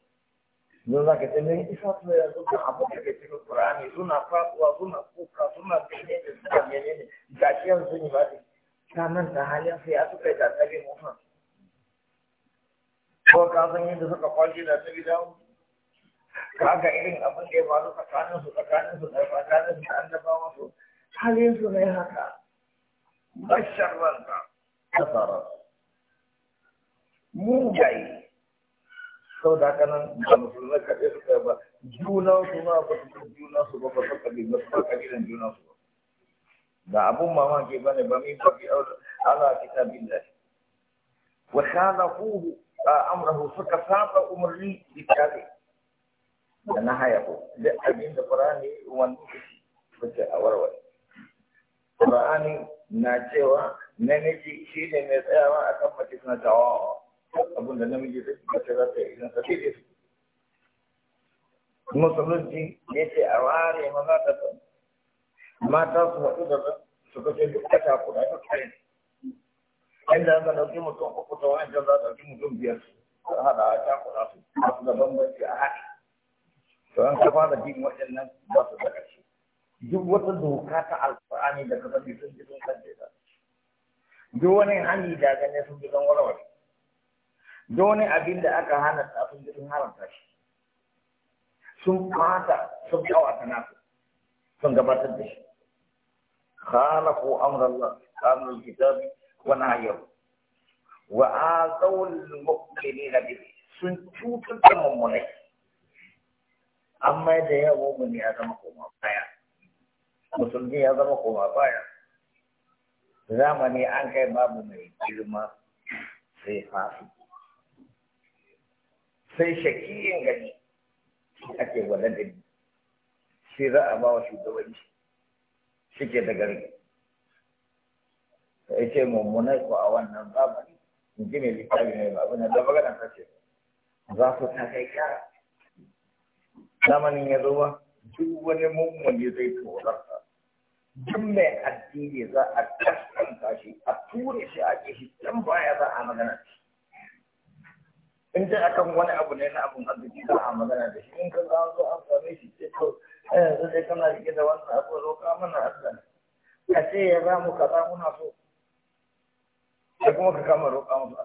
don za ka tsaye isa su ya zo da abun da ke cikin qur'ani suna faɗuwa suna kuka suna bene da suka mene ne ga shi yanzu ne ba ne ta nan ta halin su ya suka da tsaye mutum ko ka san yadda suka kwalce da tsaye da ka ga irin abin da ya faru tsakanin su tsakanin su da tsakanin su da annabawa su halin su ne haka ta fara. mugaye sau da haka nan ba musulmai kaɗai suka yi ba junan su ma ba su junan su ba ba su kaɗi ba su ba kaɗinan junan su ba da abun mama ke bane ba min ba fi ala kitabin lafi wa kuhu khalaquhu amrahu suka saba umarni littafi da na haya ko da abin da Qur'ani wani bace a warware Qur'ani na cewa namiji shi ne mai tsayawa a kan mace suna tawawa abin da namiji zai mace za ta yi idan da ce musulunci ne ce a ware maza da mata su haɗu da su kace duk da ta kuɗa ta kare inda aka ɗauki mutum uku ta wancan za ta ɗauki mutum biyar su haɗa a ta kuɗa su masu da bambanci a haɗi to an ta fara bin waɗannan ba su da ƙarshe duk wata doka ta alƙur'ani da ka sani sun ji sun san ta duk wani hali da ganin sun ji sun warware Doni abin da aka hana tsafin sun haramta shi. Sun fata sun kawata nasu sun gabatar da shi. Khalaku amrallah wani kitab wa tsawon wa ne na biyu sun cutar da mummunai. Amma da yawa mummuni ya zama koma baya. Musulmi ya zama koma baya. Zamani an kai babu mai girma sai fasiki. sai shakiyin gani ake wannan ni sai za a ba wa shugabanci suke da gari sai ce mummunai ko a wannan zamani in ji mai littafi mai ba abin da magana ta ce za su ta kai kyara zamanin ya zo ba duk wani mummuni zai tsorarsa duk mai addini za a kaskanta shi a ture shi a ke shi can baya za a magana shi in dai akan wani abu ne na abin arziki za a magana da shi in ka zama zo an same shi ce to a eh, yanzu dai kana rike da wannan abu roƙa mana Allah a ce ya za mu kaza muna so sai kuma ka kama roƙa musu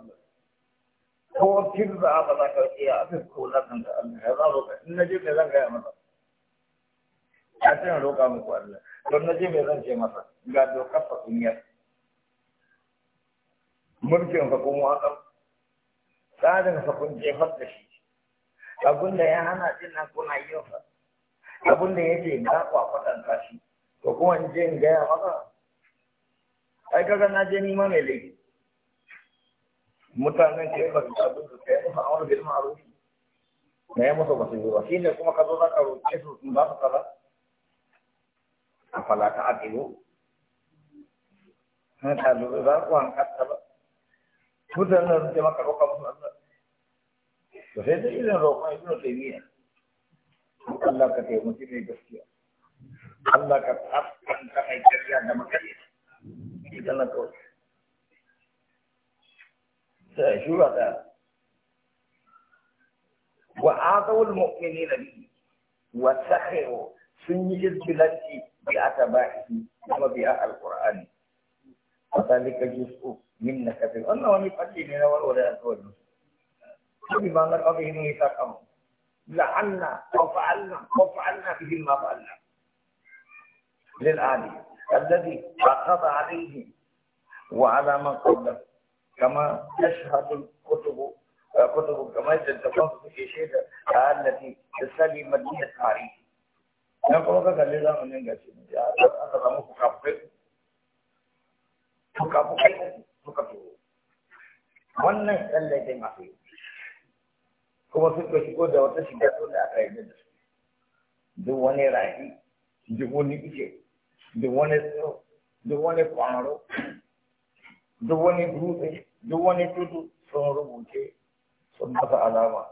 Allah ko kin za a ba za ka ce a abin ko lakan da Allah ya za roƙa in na je me zan gaya masa a ce roƙa muku Allah don na je me zan ce masa ga dokar fa mulkin fa kuma hakan tsarin sa kun jefar da shi abin da ya hana din nan kuna yin sa abin da yake ga kwakwatan kashi ko kuma in je in gaya maka ai kaga na je nima mai laifi mutanen ke ba su abin da kai musu awar bil ma'ruf na ya musu basu yi ba shine kuma ka zo za ka roƙe su in ba su kaza afala ta'qilu hada lu za ku an katta ba mutanen da maka roƙa musu Allah to sai dai irin roƙon ibnu taymiya Allah ka taimaki mai gaskiya Allah ka tsaftan ka mai gaskiya da makariya idan na kawai sai shura ta wa atawul mu'minina bihi wa sakhiru sun yi izbilanci bi atabahi kuma bi alqur'ani wa zalika juz'u min na kafi wannan wani falle ne na warware alkawari kabi ba na kafi hin yi sakamu la'anna ko fa'alna ko fa'alna fi ma fa'alna lil ali alladhi aqada alayhi wa ala man qabla kama tashhadu kutubu كتب كما تتفق في شيء التي تسلم من التاريخ نقول لك قال لنا من ينقص يا اخي انا مخفف مخفف suka turo wannan tsallake masu yi kuma su suka shigo da wata shiga da aka yi da su duk wani rafi duk wani ice duk wani tsiro duk wani kwaro duk wani dutse duk wani tudu sun rubuce sun masa alama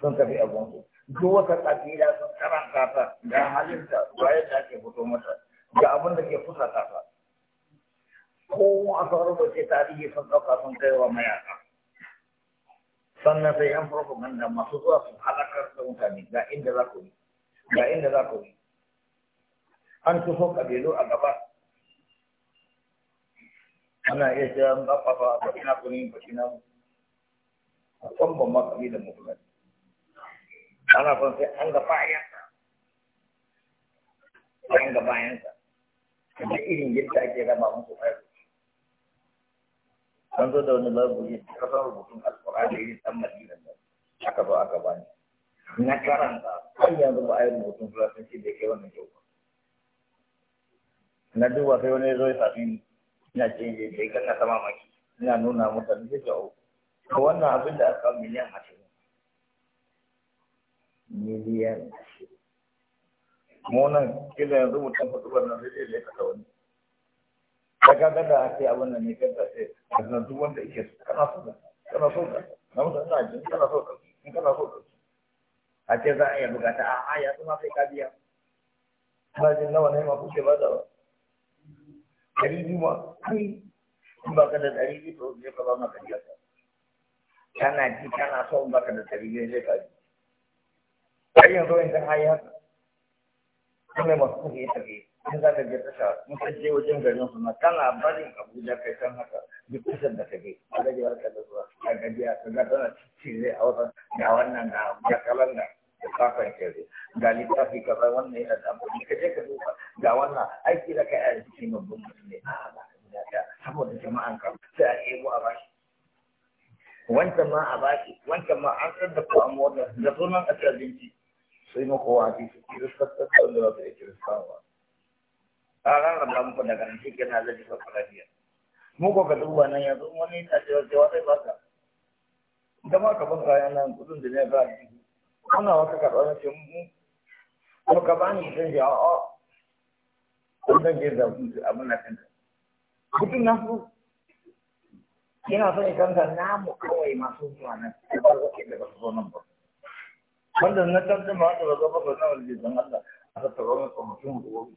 sun tafi abinsu duk wata kabila sun karanta ta ga halinta bayan da ake fito mata ga abin da ke fusata ta kowa a sauran rubuce tarihi sun ɗauka sun kai wa mayaka sannan sai yan propaganda masu zuwa su halakar da mutane ga inda za ku yi ga inda za ku yi an tuho kabilu a gaba ana iya cewa an ƙafafa a bakina kunin bakina a kwamban ma kabilan mutum ana son sai an ga bayansa an ga bayansa da irin yadda ake raba musu ƙarfi an zo da wani babu yin kasar rubutun alkur'ani irin dan madina ne aka zo aka bani na karanta har yanzu ba a yi rubutun fulatanci bai kai wannan kyau na duba sai wani zo ya sami ina ce ya ce ka ta mamaki ina nuna mutane sai ka uku to wannan abin da aka miliyan ashirin miliyan ashirin mu nan kila yanzu mutum hudu wannan sai dai kasa wani ka ga da ake abin nan ne kan sai kana duk wanda ike so kana so ka kana so ka na mutum ina jin kana so ka in kana so ka a ce za a iya bukata a a ya kuma sai ka biya ba jin nawa ne ma kuke ba da ba ɗari biyu ma kai in ba ka da ɗari biyu to zai ka ba maka biya ka kana ji kana so in ba ka da ɗari biyu zai ka ji har yanzu in ka hayi haka kuma masu kuɗi ya tafi in za ka je tasha in ka je wajen garin su ma kana barin abuja kai san haka duk kusan da ka je a rage warka da zuwa a gajiya ka ga tana cire a wata ga wannan da ga kalan da ka fahimce ga littafi ka bai wannan yana da amfani ka je ka duba ga wannan aiki da kai a cikin babban mutum ne a ba ka ji saboda jama'an ka sai a ebo a bashi wancan ma a bashi wancan ma an tsar da ku a mota da sunan a ci sai mako a cikin kiristattattun da za su iya kiristawa a rarraba muku daga nan shi kenan zai shiga lafiya mu ko ka duba nan yanzu wani na cewa cewa zai baka ita ma ka ban kayan nan kudin da ne ba wata ce mu ko ka ba ni sai ya a kun zan je da na kanka kudin ina son ni kanka namu kawai masu zuwa ba ka su zo nan ba na tabbata ba zo ba ba na wani zan Allah a tattara mutum wani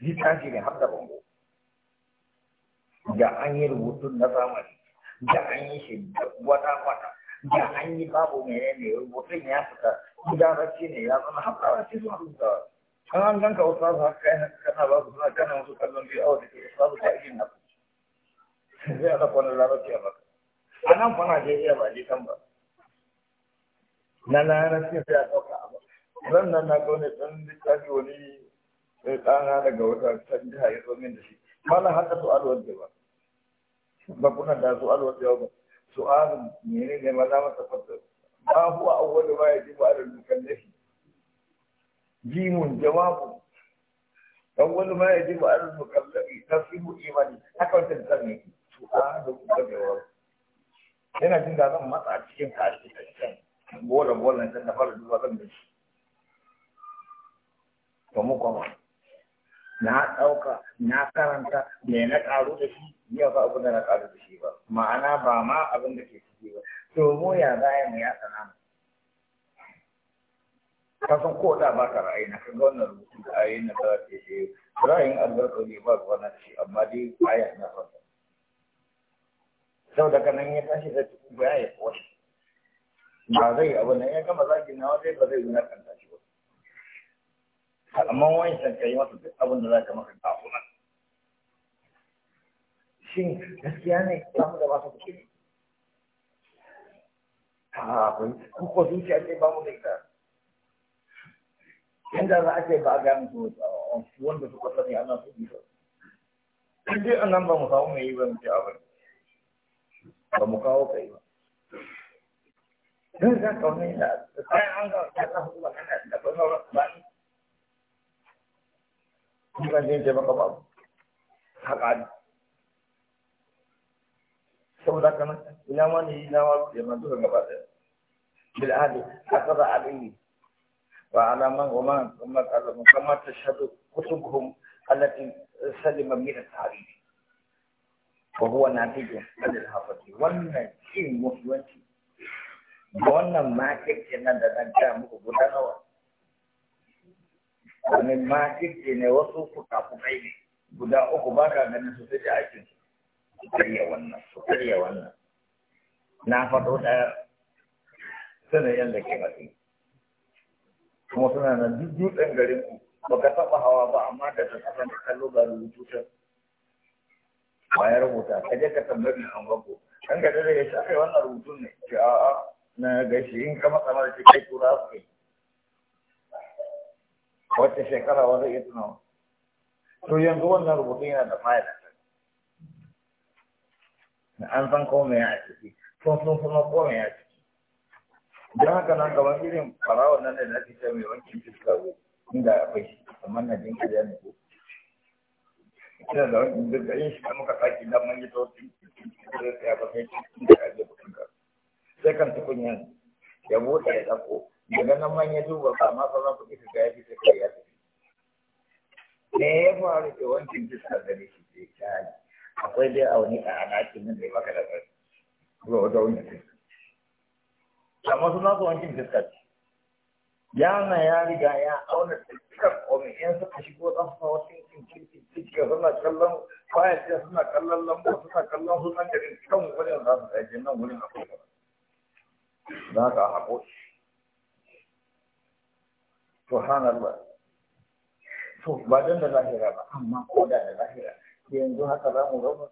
littafi ne har da bango da an yi rubutun na zamani da an yi shi wata-wata da an yi babu mai ne rubutun ya fita gudanarci ne ya zama haɗawa ce suna rubutawa kan an ganka wasu wasu haka kai kana ba su suna kana wasu kallon biyu awa da ke wasu ta irin na zai a zafi wani larabci a baka a nan je iya ba je kan ba na na cikin sai a ɗauka a ba ran nan na ga wani ɗan littafi wani sai tsana daga wata can jiha ya zo min da shi mana haka su'al wadda ba ba kuna da su'al wadda ba su'al mene ne maza masa fadda ma huwa awwalu ma yajibu ala al-mukallaf jimun jawabu awwalu ma yajibu ala al-mukallaf tasihu imani haka wata tsanne su'al da jawab yana jin da zan matsa cikin kashi bola bola ta fara duba zan da shi to mu kuma na ɗauka na karanta me na ƙaru da shi ya ba abin da na ƙaru da shi ba ma'ana ba ma abin da ke ciki ba to mu ya zaya mu ya sana ka san ko da ba ka ra'ayi na ka ga wannan rubutu da ayi na ba ta ce eh, ra'ayin albarka ne ba ruwa na shi amma dai baya na fata sau daga nan ya tashi da cikin baya ya kwashe ba zai abu nan ya gama zagi na wajen ba zai yi kanta shi amma wancan ka yi masa duk abin da za ka maka kafuna shin gaskiya ne samu da masu kuɗi ne ha ko ko zuciya ce ba mu da ita yanda za a ce ba a gaya musu uh, wanda suka sani ana su bisa in dai nan ba mu kawo mai yi ba mu ce abin ba mu kawo kai ba dan za ka wani da kayan an ga kana hudu kana da ba ba kan sai ce maka babu haka ne saboda kana ina ma ne ina ma ya ma duka gaba da bil adi akaba alayhi wa ala man wa man kuma kaza kuma tashhadu kutubuhum allati salima min al-tarikh wa huwa natijun an al-hafati wannan shi musulunci wannan ma kike nan da nan ga muku gudanarwa domin makirce ne wasu fuka-fukai ne guda uku ba ka ganin su da aikin su karya wannan su karya wannan na faɗo ɗaya sanar yadda ke matsi kuma suna nan duk dutsen garin ku ba ka taɓa hawa ba amma da ta kasan da kallo ga rubutu ta ba ya rubuta ka je ka tambayi da an gwaggo kan ka da ya shafe wannan rubutun ne ce a'a na gaishe in ka matsa mara ce kai tura su kai wacce shekara wani ita nawa? to yanzu wannan rubutu yana da fa'ida an san ko ya ciki sun sun sun ko me ya ciki don haka nan gaban irin farawa nan da nake ce mai wankin fuska ko inda akwai shi kamar na jin kariya ne ko ina da wankin duk yin shi da muka saki dan mun yi totin ya ba sai sai kan tukunyan ya buɗe ya dako daga nan man ya duba ba ma sauran kuɗi ka ga ya fi ya fi me ya faru ke wancan fuskar da shi ke kai akwai dai a wani a alaƙin nan da ya maka da tsari zuwa wata wani fuskar amma suna su wancan fuskar yana ya riga ya auna da dukkan omiyan suka shigo ɗan fa wasu yankin kirkin cikin suna kallon kwayar suna kallon lambu suna kallon sunan da kan wurin za su tsaye nan wurin akwai ba za ka haƙo shi subhanallah to ba dan da lahira ba amma ko da da lahira yanzu haka za mu raba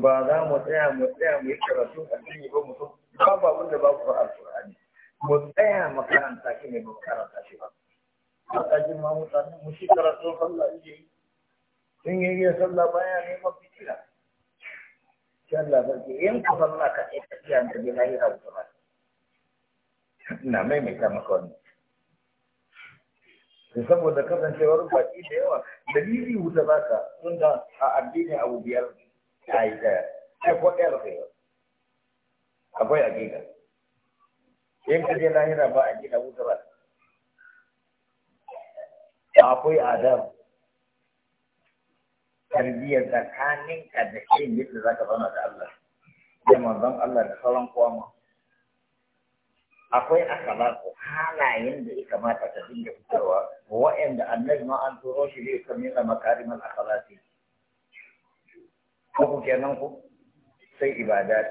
ba za mu tsaya mu tsaya mu yi karatu a cikin ba mu ba ba wanda ba ku fa'a mu tsaya karanta shi ne mu karanta shi ba haka jin ma mutane mu shi karatu Allah yi sun yi yi sallah baya neman fitila shi Allah sarki in ku sallah ka ta tafiya da lahira ba wuta ina maimaita maka wani da saboda kasancewar baki da yawa dalili wuta za ka sun da a addini abu biyar a yi daya ai ko ɗaya ba kai akwai aƙida in ka je lahira ba a gina wuta ba akwai adam tarbiyyar tsakaninka da shi yadda za ka zama da Allah da manzon Allah da sauran kowa akwai ko halayen da ya kamata ta dinga fitarwa wa'anda annabi ma an turo shi ne kamar da makarimin akhlaqi ko ku nan ko sai ibadat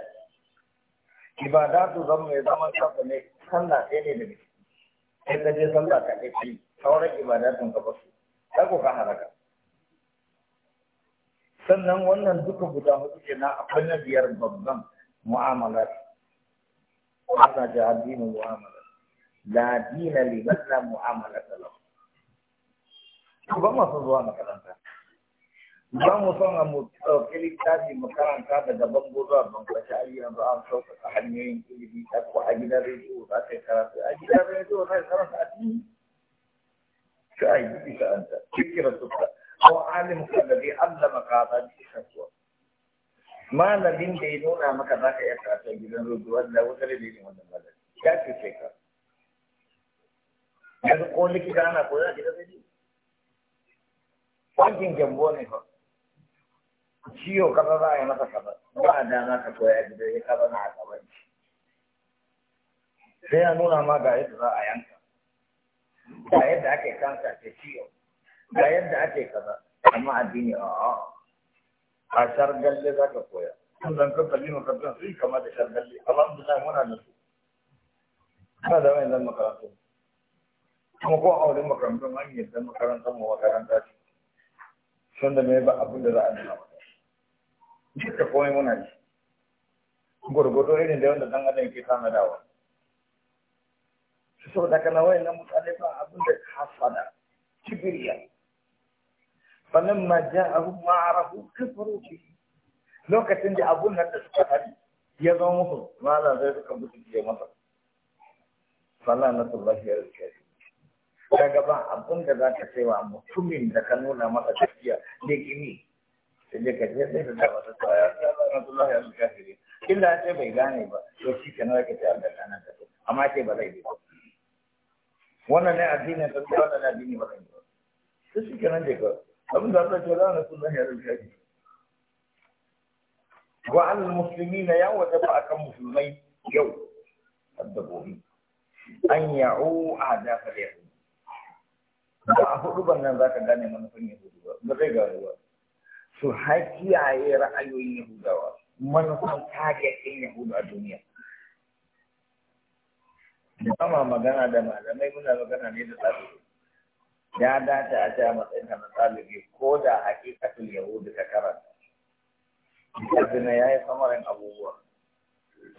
ibadatu zama mai zaman kafa ne sallah ɗaya ne daga ciki sai ka je sallah ka ɗaya sauran ibadatun ka basu sai ku ka haraka sannan wannan duka guda hudu na akwai na biyar babban mu'amalar هذا جاء الدين معاملة لا دين لمن لا معاملة له ba mu son zuwa makaranta ba mu son a ɗauki littafi makaranta daga bango zuwa bango ta yi yanzu an sauƙaƙa hanyoyin ilimi ta ko a gidan rediyo za ta yi karatu a gidan rediyo za ta yi karatu a cikin shi a yi bisa an ta cikin rasu ko alim kallabi allama ka ta bisa suwa malamin da ya nuna maka za ka iya karatun gidan rudu wanda wata da ne wannan malamin ya ce ce ka yanzu ko likita ana koya gidan rudu wankin gyambo ne fa ciwo kaza za a yi masa kaza ba a dama ka koya gidan ya kaza na a gaban sai ya nuna ma ga yadda za a yanka ga yadda ake kanka ce ciwo ga yadda ake kaza amma addini a'a a shargalle za ka koya kun zan ka kalli makarantar su yi kama da shargalle alhamdulillah muna da su ana da wani zan makarantu kuma ko a wurin makarantu an yi zan makarantar mu makaranta ce sun da mai ba abin da za a nuna mata duk da komai muna yi gwargwado irin da wanda zan adam ke tanadawa saboda kana wayan nan mutane ba abin da ka fada kibiriya فلما جاءهم ما عرفوا كفروا به لو كتند أبونا تسكت يضمهم ماذا ذلك بسجي na فلعنة الله على الكافرين kaga ba abun da za ka sai wa mutumin da ka nuna masa gaskiya ne kimi sai dai ka je masa ka gaba ta tsaya ya Allah ya kafiri illa sai bai gane ba to shi kana ka ta da kana ta amma sai ba zai ba wannan ne addini da wannan addini ba zai kana da ka abin da zai kira na sunan yare alhaji wa Musulmi na ya wata ba musulmai yau da gobe an ya'u ada fa da yau Ba a hudu za ka gane manufan ba. Ba zai ga ruwa su haƙi a yi ra'ayoyin yahudawa manufan kagetin yahudu a duniya ba ma magana da malamai muna magana ne da tsarin ya dace a ce a matsayin na ɗalibi ko da hakikatul yahudu ka karanta zina ya yi samarin abubuwa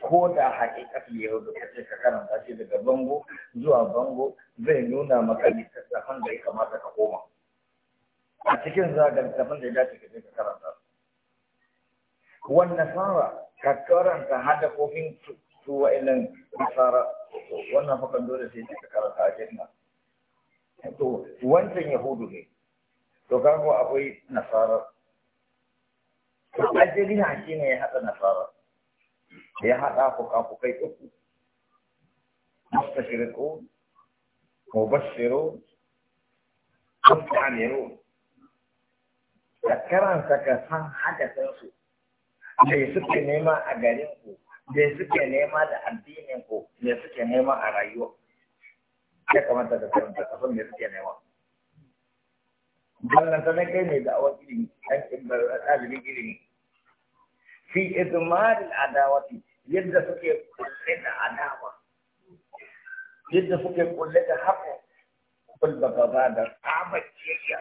ko da hakikatul yahudu ka ce ka karanta shi daga bango zuwa bango zai nuna maka littattafan da ya kamata ka koma a cikin zagar littattafan da ya dace ka je ka karanta wannan fara ka karanta kofin su wa'annan fara. wannan fakan dole sai ka karanta a jirna to wancan yahudu ne to kago akwai nasara to ajirina shi ne ya haɗa nasara ya haɗa fuka kai uku mustashirikun mubashirun mustamirun da karanta ka san hadasansu me suke nema a garinku me suke nema da addininku me suke nema a rayuwa ya kamata ka karanta abin da suke nema ballan ta kai ne da awan ilimi dan ɗalibin ilimi fi izmaril adawati yadda suke kulle da adawa yadda suke kulle da haƙo da gaba da tsabar kiyayya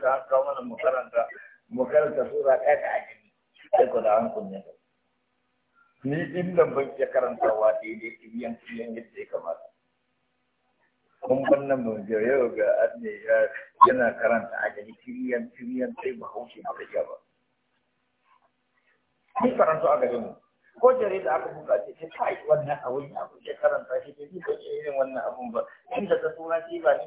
ka haska mana mu karanta mu karanta sura ɗaya da ajini sai ku da an kunne ka ni din nan ban iya karantawa daidai kibiyan kibiyan yadda ya kamata kun ban nan ban je yau ga adne ya yana karanta ajini kiyan kiyan sai ba haushi ba da ba ni karanta a garin mu ko jarida aka buka ce ce kai wannan abun ya kuke karanta shi ke ni ban iya wannan abun ba inda ka tura shi ba ni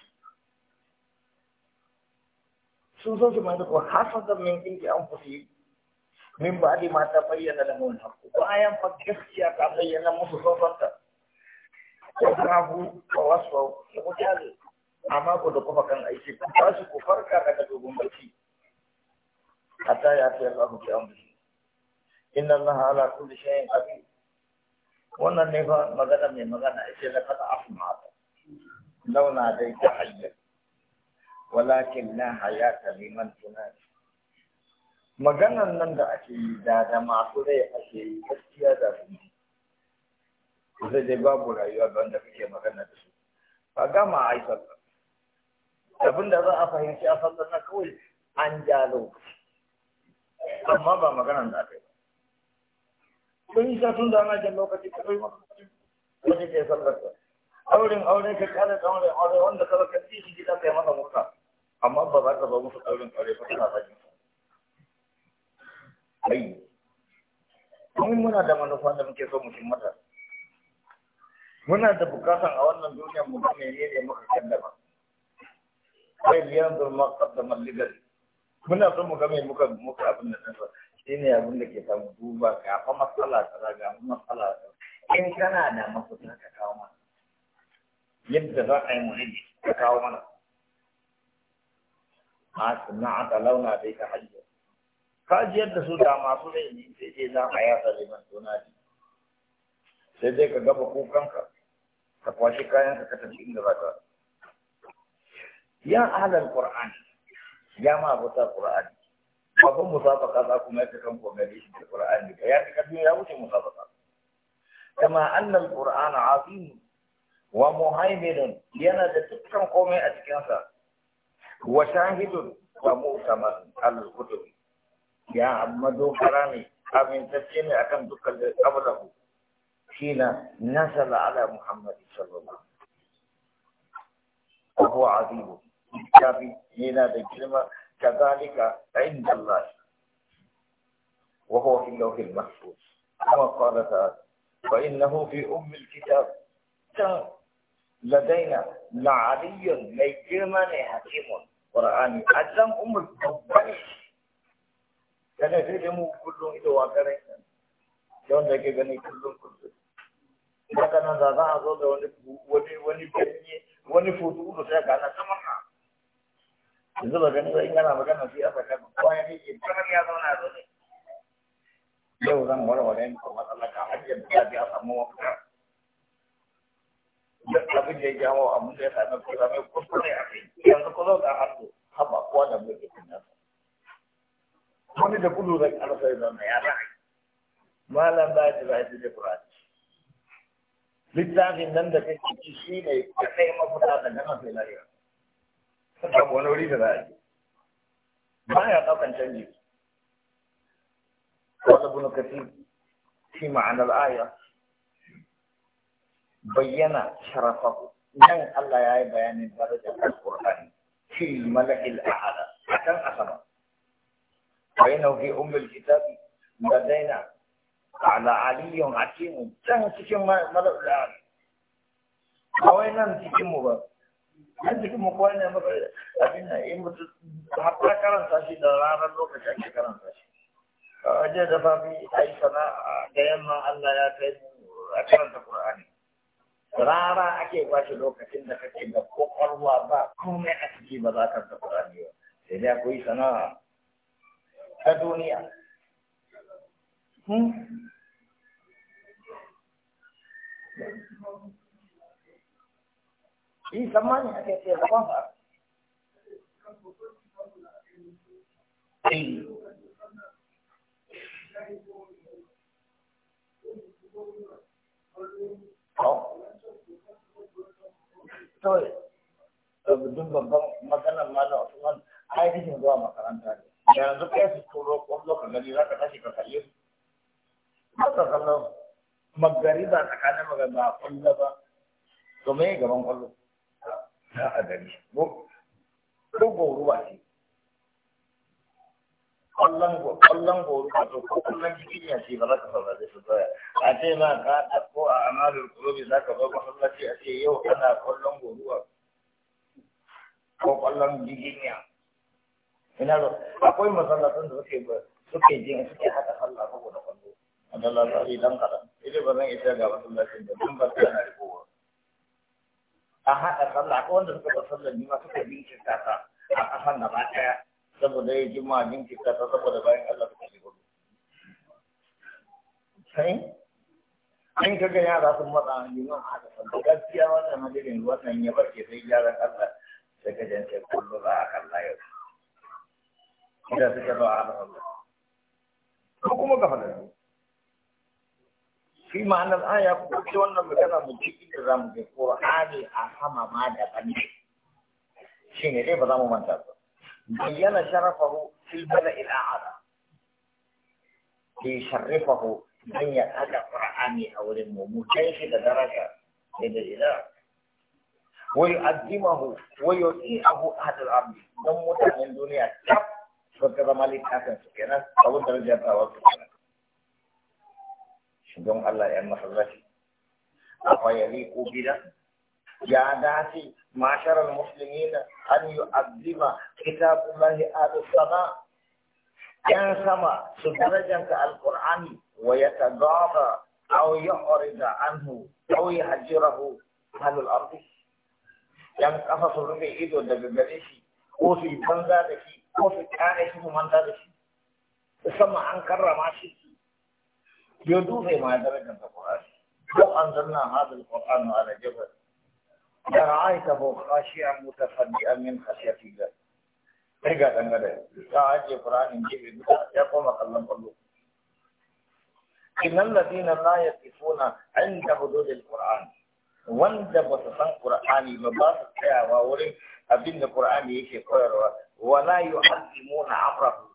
sun san su manzo ko hasadan min inji an fusi min ba ma mata bayyana mun haƙu ko ayan fa gaskiya ta bayyana musu sofanta ko babu ko wasu ko kaje amma ko da kofa kan aiki ba su ko farka daga dogon barci hatta ya fi Allah ki amma inna Allah ala kulli shay'in qadir wannan ne fa magana mai magana ita da kada afu ma launa dai ta hayyar walakin na ta liman tunani maganan nan da ake yi da da masu rai ake yi gaskiya da su zai dai babu rayuwa da wanda kake magana da su ba gama a yi abin da za a fahimci a sallar na kawai an ja lokaci amma ba maganan da aka yi sun yi tun da ana jan lokaci ka kai lokaci wani ke sallar ka auren aure ka kare auren aure wanda ka ka ci shi gida kai masa murna amma ba za ka zo musu ɗaurin aure ba suna zagin ai mun muna da manufa da muke so mu cin mata muna da bukatan a wannan duniyar mu ga menene muka ba sai biyan ma qaddamal lidal muna so mu ga me muka muka abin da nasa shine abin da ke samu duba ka fa matsala ta zaga matsala in kana da mafita ka kawo mana yadda za a yi mu ka kawo mana أصنعت ka بك ka kajiyar da su da masu rai ne sai dai za a yasa liman tunani sai dai ka gaba kukanka ka kwashi kayan ka tafi inda za ka ya ahalar qur'ani ya ma abuta qur'ani babban musabaka za ku mai kan mai shi da qur'ani ya ka kafin ya wuce musabaka kama annal qur'ana azim wa muhaiminun yana da dukkan komai a cikinsa وشاهد ومؤتمر على الكتب يا عمد كرامي أمن تسلم أكن تكل قبله حين نزل على محمد صلى الله عليه وسلم وهو عظيم كتابي هنا بالكلمة كذلك عند الله وهو في اللوح المحفوظ كما قال تعالى فإنه في أم الكتاب لدينا لعلي ميكرمان حكيم Qur'ani a can umar babba ne kada sai dai mu kullum ido wa kare da wanda yake gani kullum kullum daga nan za za a zo da wani wani wani benye wani foto da sai ka na saman ha yanzu ba gani ba in yana magana sai a saka bayan ne ke kamar ya zauna a zo ne yau zan warware ne kuma matsala ka hajjar da ya samu mafita abin da ya abin da ya sami ko sami kuskure a kai yanzu ko zo ka haɗu haba kowa da mulki kan wani da kudu zai karfa ya zama ya ra'ayi malam ba ji ba ji da furaci littafin nan da kake ci shi ne kaɗai mafita daga nan sai lafiya saboda wani wuri da za a yi ba ya ɗaukan canji wani bunu kasi shi ma'anar aya bayyana sharafahu nan Allah ya yi bayanin darajar alƙur'ani fil mala'il a'ala akan asama bayyana fi ummul kitabi ladaina ala aliyyun hakimun can cikin mala'il a'ala ba wai nan cikin mu ba an cikin mu kawai ne maka abin da in mutu hatta karanta shi da ranar lokaci ake karanta shi a wajen da fafi a yi sana'a da yamma Allah ya kai mu a karanta Qur'ani rara ake kwashe lokacin da kake da kwakwalwa ba komai a ciki ba za ka tafi rayuwa sai dai akwai sana'a ta duniya Yi hmm? tsammani ce ba. Oh. kawai duk babban maganar malam Usman ainihin zuwa makaranta ne yanzu kai su turo kwallo ka gani za ka tashi ka kalli su ba ka kallon ba tsakanin magana a kwallo ba to me gaban kwallo za a gani ko ko ruwa ce kwallon go kwallon go wato ko kwallon jikinya ce ba za ka saurare su ba a ce ma ka ɗauko a amalul kulobi za ka zo masallaci a ce yau ana kwallon goruwa ko kwallon jikinya ina zo akwai masallatan da suke ba suke jin suke haɗa sallah saboda kwallo a dalilin dan kaɗan idan ba zan isa ga masallacin da ban ba ta na rikowa a haɗa sallah ko wanda suka ba sallah ni ma suka bincika ta a ƙasan gaba ɗaya saboda ya ji majin kita ta saboda bayan Allah suka shigo sai in ka ga yara sun matsa liman haka sanda gaskiya wannan hadirin wannan ya barke sai gyaran Allah sai ka jance kullu za a kalla yau idan suka zo a hannun Allah ko kuma gaba da su fi ma'anar aya ko ce wannan magana mu ci inda za mu je Qur'ani a sama ma da bane shi ne dai ba za mu manta ba بين شرفه في البلاء الأعلى ليشرفه من يتأتى القرآن أو الممتلك درجة من الإله ويقدمه ويطيعه أهل الأرض نموت من دنيا كف فكذا مالك حسن سكينة أو درجة أو سكينة شدون الله يا أفا يليق بنا يا داسي معشر المسلمين an yu'azzima kitabullahi ala sama yan sama su darajanka alqur'ani wa yatagaba aw yu'rida anhu a yahjirahu ahlul ardi yan kafa su rufe ido daga gare shi ko su banza da shi ko su kare shi manta da shi sama an karrama shi ya dutse ma darajar da Qur'ani ko an zanna hadal Qur'an ala رعايته خاشعا متفديا من خشيه الله رجع تنقل تعالى قران انجيل يقوم قلم قلوب ان الذين لا يقفون عند حدود القران وانتبه صنع قران مباس يا واوري ابن القران يشي قرر ولا يعلمون عبره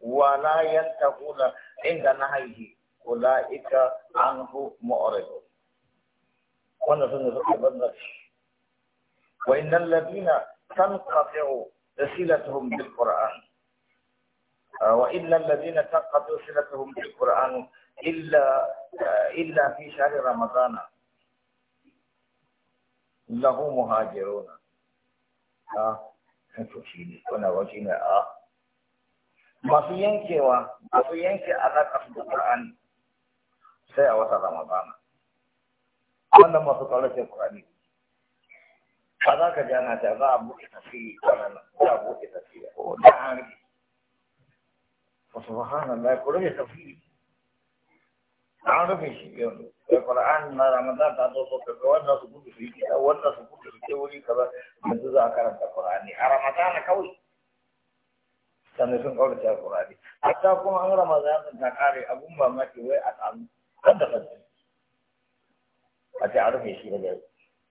ولا ينتهون عند نهيه اولئك عنه معرضون وانا سنة ابن وإن الذين تنقطع صلتهم بالقرآن آه، وإن الذين تنقطع صلتهم بالقرآن إلا آه، إلا في شهر رمضان له مهاجرون آه شيء وانا وجينا آه ما في ينكي وا ما في ينكي أغاد أخذ القرآن سيأوة رمضان أنا ما في القرآن ba za ka jana ta za a buɗe tafsiri kwanan za a buɗe tafsiri ko da an rufe wasu subhanan da ku rufe tafsiri an rufe shi yanzu da Qur'an na Ramadan ta zo ka ga wannan su gudu su yi kida wannan su gudu su ke wuri kaza yanzu za a karanta Qur'ani a Ramadan kawai sannan sun kaurace Qur'ani hatta kuma an Ramadan ta kare abun ba maki wai a samu kada fasi a ce a rufe shi da yau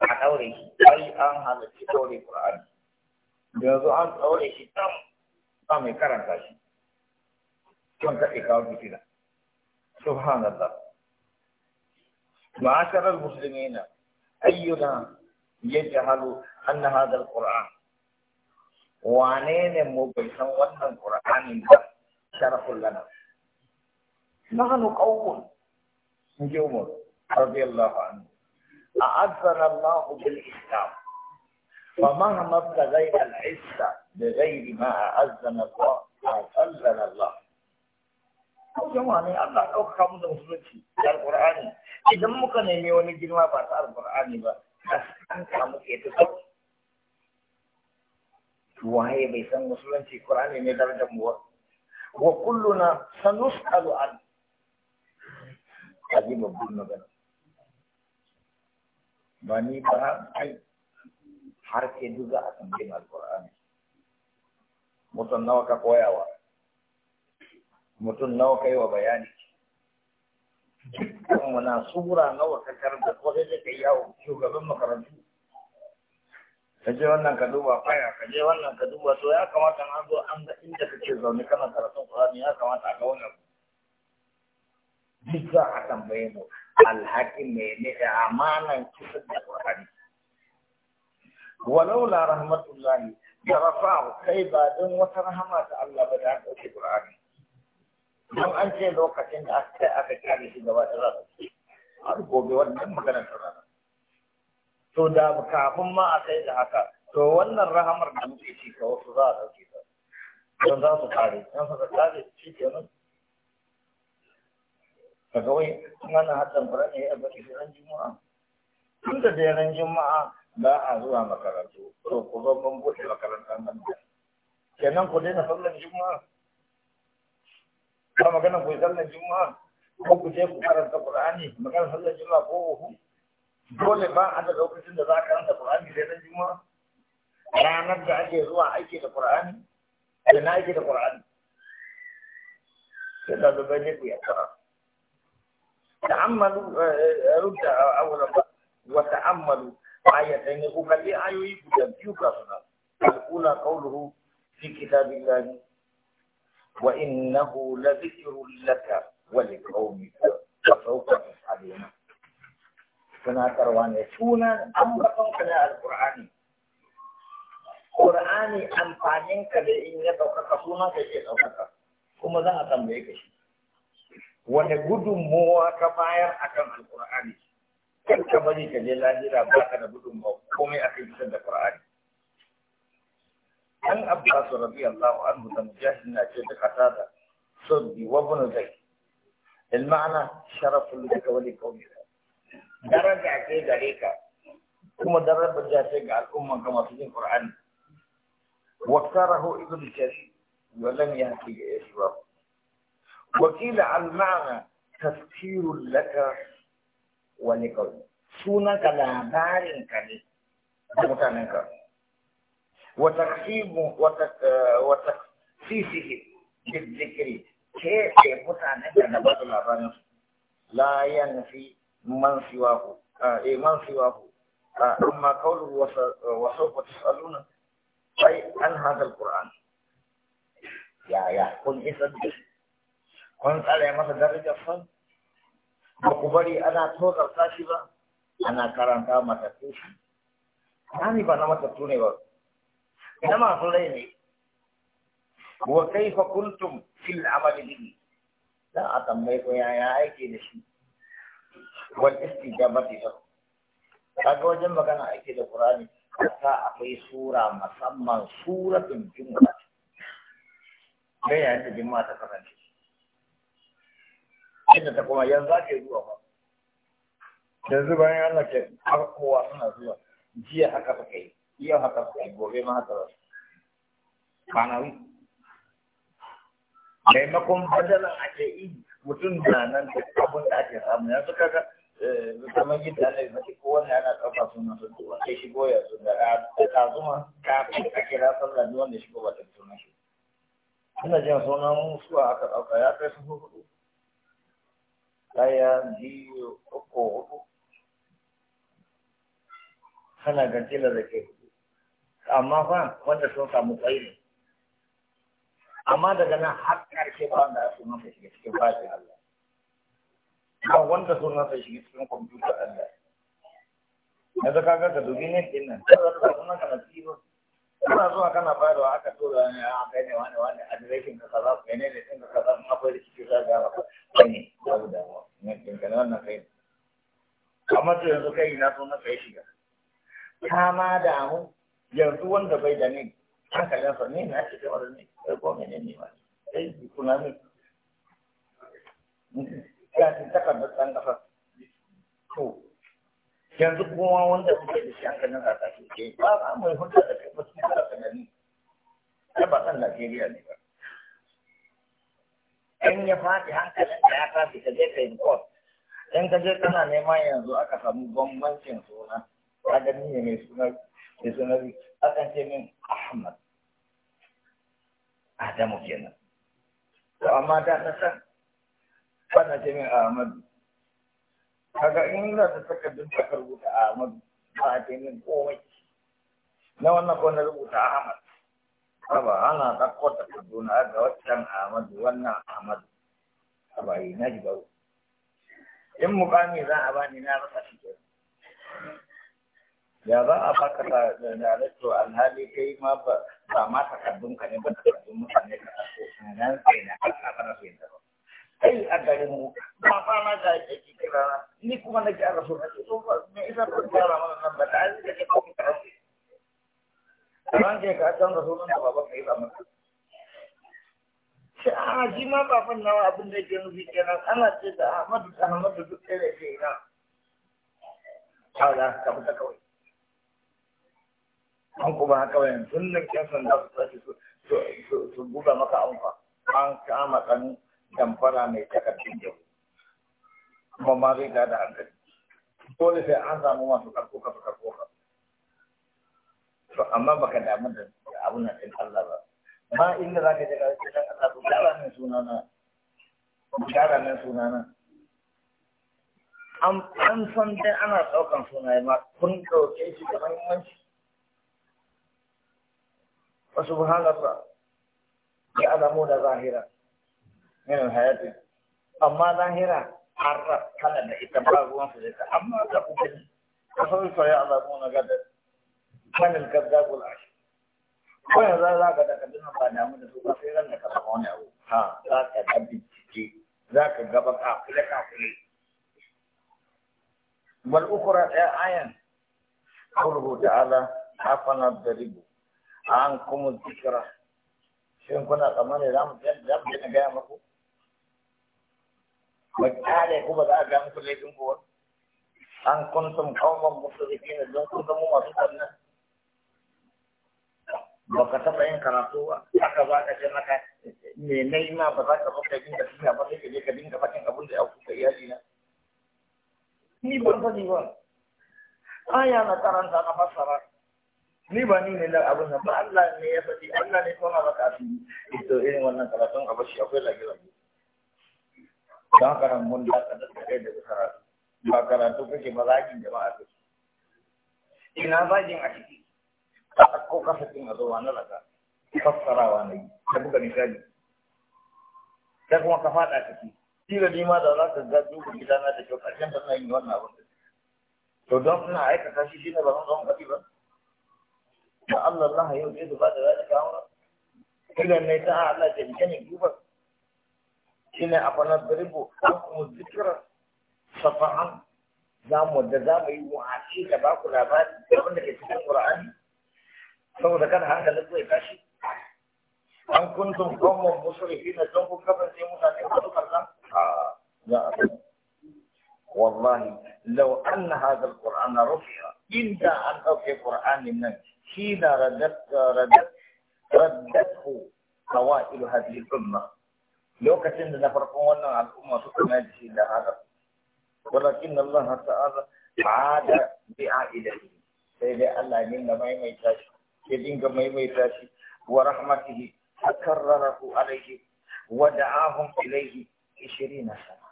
a ɗaure shi ai an halarci ɗaure Qur'ani yanzu an ɗaure shi tam ba mai karanta shi kan kaɗe kawo fitina subhanallah معاشر المسلمين أينا يجهل أن هذا mu وعنين مبيسا وأن القرآن أعزنا الله بالإسلام فمهما ابتغينا العزة بغير ما أعزنا الله أذلنا الله ko jama'a ne Allah ɗauka mu da musulunci da alƙur'ani idan muka nemi wani girma ba ta alƙur'ani ba an samu ke ta sau waye bai san musulunci ƙur'ani ne darajar mu wa kulluna sanus'alu an ajibu bin magana ba ni ba har ke duka a tambayin alkur'ani mutum nawa ka koyawa Mutun nawa ka wa bayani kan sura nawa ka karanta ko sai ka yawo shugaban makarantu ka je wannan ka duba faya ka je wannan ka duba to ya kamata na zo an ga inda kake zaune kana karatun qur'ani ya kamata a ga wannan duk za a tambaye mu alhakin ne ne amanan cikin da ƙwarari walau la rahmatullahi da rafa'u kai ba don wata rahama ta Allah ba da an ɗauki ƙwarari don an ce lokacin da aka aka kare shi gaba da rana har gobe wannan maganar ta rana to da kafin ma a kai da haka to wannan rahamar da muke ci ka wasu za a ɗauke ta don za su kare don suka kare shi kenan ka wai ana haɗin fara ne a baki ran juma'a tun da dai ran juma'a ba a zuwa makarantu to ku zo mun buɗe makarantar nan da kenan ku daina sallar juma'a ba magana ku yi sallar juma'a ko ku je ku karanta qur'ani magana sallar juma'a ko uku dole ba a da lokacin da za ka karanta qur'ani sai ran juma'a ranar da ake zuwa aiki da qur'ani da na aiki da qur'ani sai da zubai ne ku ya karanta تعملوا آه، آه، رد اول وتعملوا ايتين وخلي ايو يبدا الاولى قوله في كتاب الله وانه لذكر لك ولقومك فسوف تسالون كنا تروان سونا أمركم قوم القران قراني امبانين كده ان يتوقع سونا كده يتوقع كما ذا تملكه wani gudunmowa ka bayar akan alkur'ani kan ka bari ka je lahira ba ka da gudunmowa komai akan isar da ƙurani an abbas radiyallahu anhu da mujahid na ce da qatada sabbi wa ibn zayd المعنى wani لك ولقومك درجة ce gare ka kuma daraja ce ga al'umman ka masu jin ƙur'ani wa sarahu ibn Jarir wa lam yahdi ya shi wakila almana tafkirun laka wa likawi sunan ka labarin ka ne da mutanen ka wa taqsimu wa taq wa taqsisihi bil dhikri ke mutanen ka da ba labarin su la yanfi man siwahu eh man siwahu amma qawlu wa sawfa tasaluna ay an hadha alquran ya ya kun isa kun tsare masa darajar sa ba ku bari ana tozarta shi ba ana karanta matattu shi ni ba na matattu ne ba ina masu rai ne wa kai kuntum fil amali dini dan a tambaye ko yaya aiki da shi wal istijabati lahu kaga wajen magana aiki da qur'ani ta akwai sura musamman suratun jumu'a yayin da jumu'a ta kasance inda ta kuma yanzu ake zuwa ba yanzu bayan Allah ke har kowa suna zuwa jiya haka suka yi iya haka suka yi gobe ma haka ba kanawi maimakon badalan ake yi mutum da nan da abin da ake samu yanzu kaga kamar eh, gida ne mace ko wani yana ɗauka suna su duwa sai shigo yanzu da ta zuma kafin a kira sallah ne wanda shigo ba ta sunan shi ina jin sunan musuwa aka ɗauka ya kai su hudu ɗaya biyu uku hudu kana gajila da ke amma fa wanda sun samu kwai ne amma daga nan har ƙarshe ba wanda su nasa shiga cikin fashin Allah ba wanda sun nasa shiga cikin kwamfuta Allah yanzu kaga ka dubi ne ɗin nan ta zaka samu kana tsiro kana zuwa kana bayarwa aka tura ne a ah, kai ne wani wani adireshin ka kaza ku ne ne din ka kaza in akwai rikici za ga maka ne babu damuwa ne din ka wannan kai amma to yanzu kai na so na kai shiga ta ma damu yanzu wanda bai da ne hankalin sa ne na ce kai wanda ne kai ko mene ne ma kai kuna ne ya ce takardar ɗan ƙasa to yanzu kuma wanda suke da shi hankalin a ƙasashe ke ba ma mai hulɗa da kai ba su ba ka gani ai ba san Najeriya ne ba in ya faɗi hankalin da ya tafi ka je ka yi kot in ka je kana neman yanzu aka samu bambancin suna ka gani ne mai suna mai suna akan ce min Ahmad Adamu kenan to amma da na san ba na ce min Ahmadu kaga in za ta takardun ta rubuta Ahmadu ba a ce min komai na wannan ko na rubuta Ahmad haba ana ɗauko ta na ga waccan Ahmadu wannan Ahmadu Ba yi na ji baro in mukami za a bani na rasa shi kenan ya za a baka da darakto alhali kai ma ba ma takardun ka ne ba takardun mutane ka ɗauko na nan sai na aka fara sai da ba kai a garin mu ba ba ma da yake ki kira na ni kuma na ji arafu na ce to me isa ko gyara mana nan ba da zai ka ko ka rabu ran ke ka san da sunan baban kai ba maka sai a ah, ji ma baban nawa abin da yake nufi kenan ana ce da Ahmadu da Ahmadu duk sai da ke ina kaga ka fita kawai an kuma haka wayan tun nan kyan sanda su tashi su buga maka an fa an kama tsani damfara mai takardun yau kuma ma zai da hankali dole sai an samu masu karko ka karko ka to amma baka damu da abun nan din Allah ba ma inda zaka je ga cikin Allah to gara nan sunana gara nan sunana an an san dai ana daukan sunaye ma kun dauke shi da muhimmanci wa subhanallah ya alamu da zahira min hayati amma lahira harra kana da ita ba ruwan su da amma da kuma kafin fa ya Allah mun ga da kanin al gula shi? ko yanzu za ka da kadin ba da mu da su ba sai ran da ka wani abu ha za ka da bincike za ka gaba ka kula ka kula wal ukhra ayan qawluhu ta'ala afana daribu an kuma zikira shin kuna tsammanin za mu tsaya da gaya muku ba kyale kuma ba za a ga muku laifin ku ba an kuntum kawon musulmi don ku zama masu sannan ba ka taɓa yin karatu ba aka ba ka ce ka me na yi ma ba za ka zo ka dinga tuna ba sai ka je ka dinga faɗin abin da ya kuka iyali na ni ban faɗi ba aya na karanta na fassara ni ba ni ne da abin nan ba Allah ne ya faɗi Allah ne kuma ba maka asiri to irin wannan karatun a bashi akwai lagi lagi don haka nan mun da da kai da karatu ba karatu kake ba zakin jama'a kake ina zagin a ciki ka ɗauko kasafin a zuwa na laka fassarawa na yi ta buga misali ta kuma ka faɗa ciki kila ni ma da za ka ga duka gidana da kyau ƙarshen da na yi wannan abin to don ina aikata shi shine ba zan zama kafi ba da Allah Allah ya yi ba da zalika amra idan ne ta Allah ta bi kane duba shine abu na diribu mu zikira safa'an za mu da za mu yi wa'ashi da ba ku labari abin da ke cikin qur'ani saboda kada hankalin zai tashi an kuntum qawman musrifin don kun kafa sai mutane ba su karna a za a wallahi law anna hadha alquran rufi'a inda an dauke qur'anin nan shi da radat radat radathu qawail hadhihi lokacin da na farkon wannan al'umma suka mai da shi da hada walakin Allah ta'ala ba'ada bi aidati sai dai Allah ne da maimaita shi ke dinga maimaita shi wa rahmatihi ku alayhi wa da'ahum ilayhi 20 sana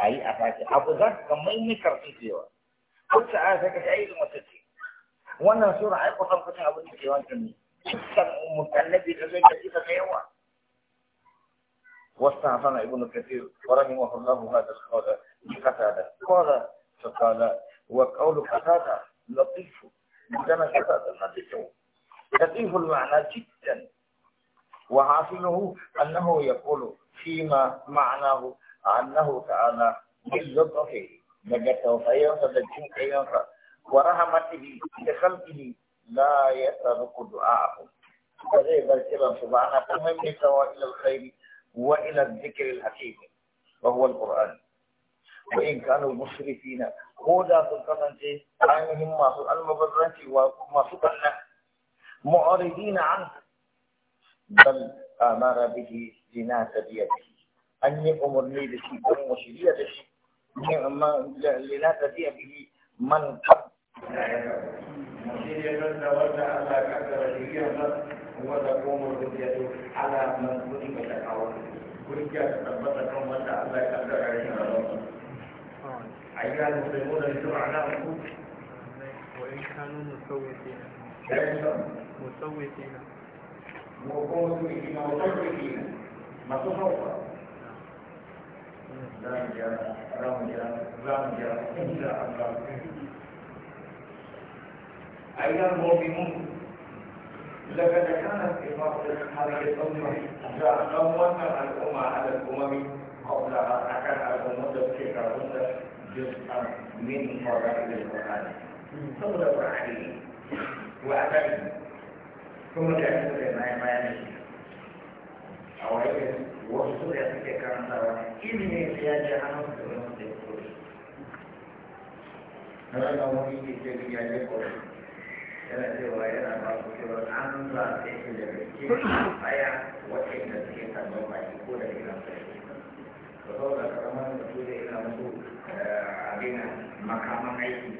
ayi a fati abu za ka maimaita karfi cewa ko ta aka ka ayi ce wannan sura ai kusan kusan abin da ke wancan ne dukkan mutallabi da zai ka yawa واستعفنا ابن كثير ورحمه الله هذا القول بقتاده قال فقال وقول قتاده لطيف كما قتاده لطيف لطيف المعنى جدا وحاصله انه يقول فيما معناه انه تعالى باللطف نجته خيرا فتجم خيرا ورحمته لخلقه لا يترك دعاءه فغير الكلام سبحانه فمن يتوى الى الخير وإلى الذكر الحكيم وهو القرآن وإن كانوا المشرفين هو ذات القرآن عنهم ما سوء المبررة وما سوء معرضين عنه بل أمر به لناس بيده أن يأمرني بشيء أم وشرية بشيء لناس بيده من قد وتقوم الرؤية على من كتب شكاواه كرجة تثبت كم متى الله يقدر عليه أيها المسلمون الجمعة نعم وإن كانوا مسوفين مسوفين مسوفين مسوفين مسوفين Ramja, Ramja, Ramja, Insya Allah. mau bingung لقد كانت إمارة هذه الأمة تأمن الأمة على الأمم قبلها أكان على الأمة كتابة جزءا من فضائل القرآن ثم عليه وأتاني ثم جاءت لما ما يمشي أو هيك وصل يا كان ترى إني سيأتي عنه في المسجد الكبير هذا هو يجي يجي يجي yana cewa yana ba ku cewa an zaɓe shi daga cikin baya waɗanda suke sabon baki ko da ina sai to saboda karamar da su zai ina musu eh, abin makaman aiki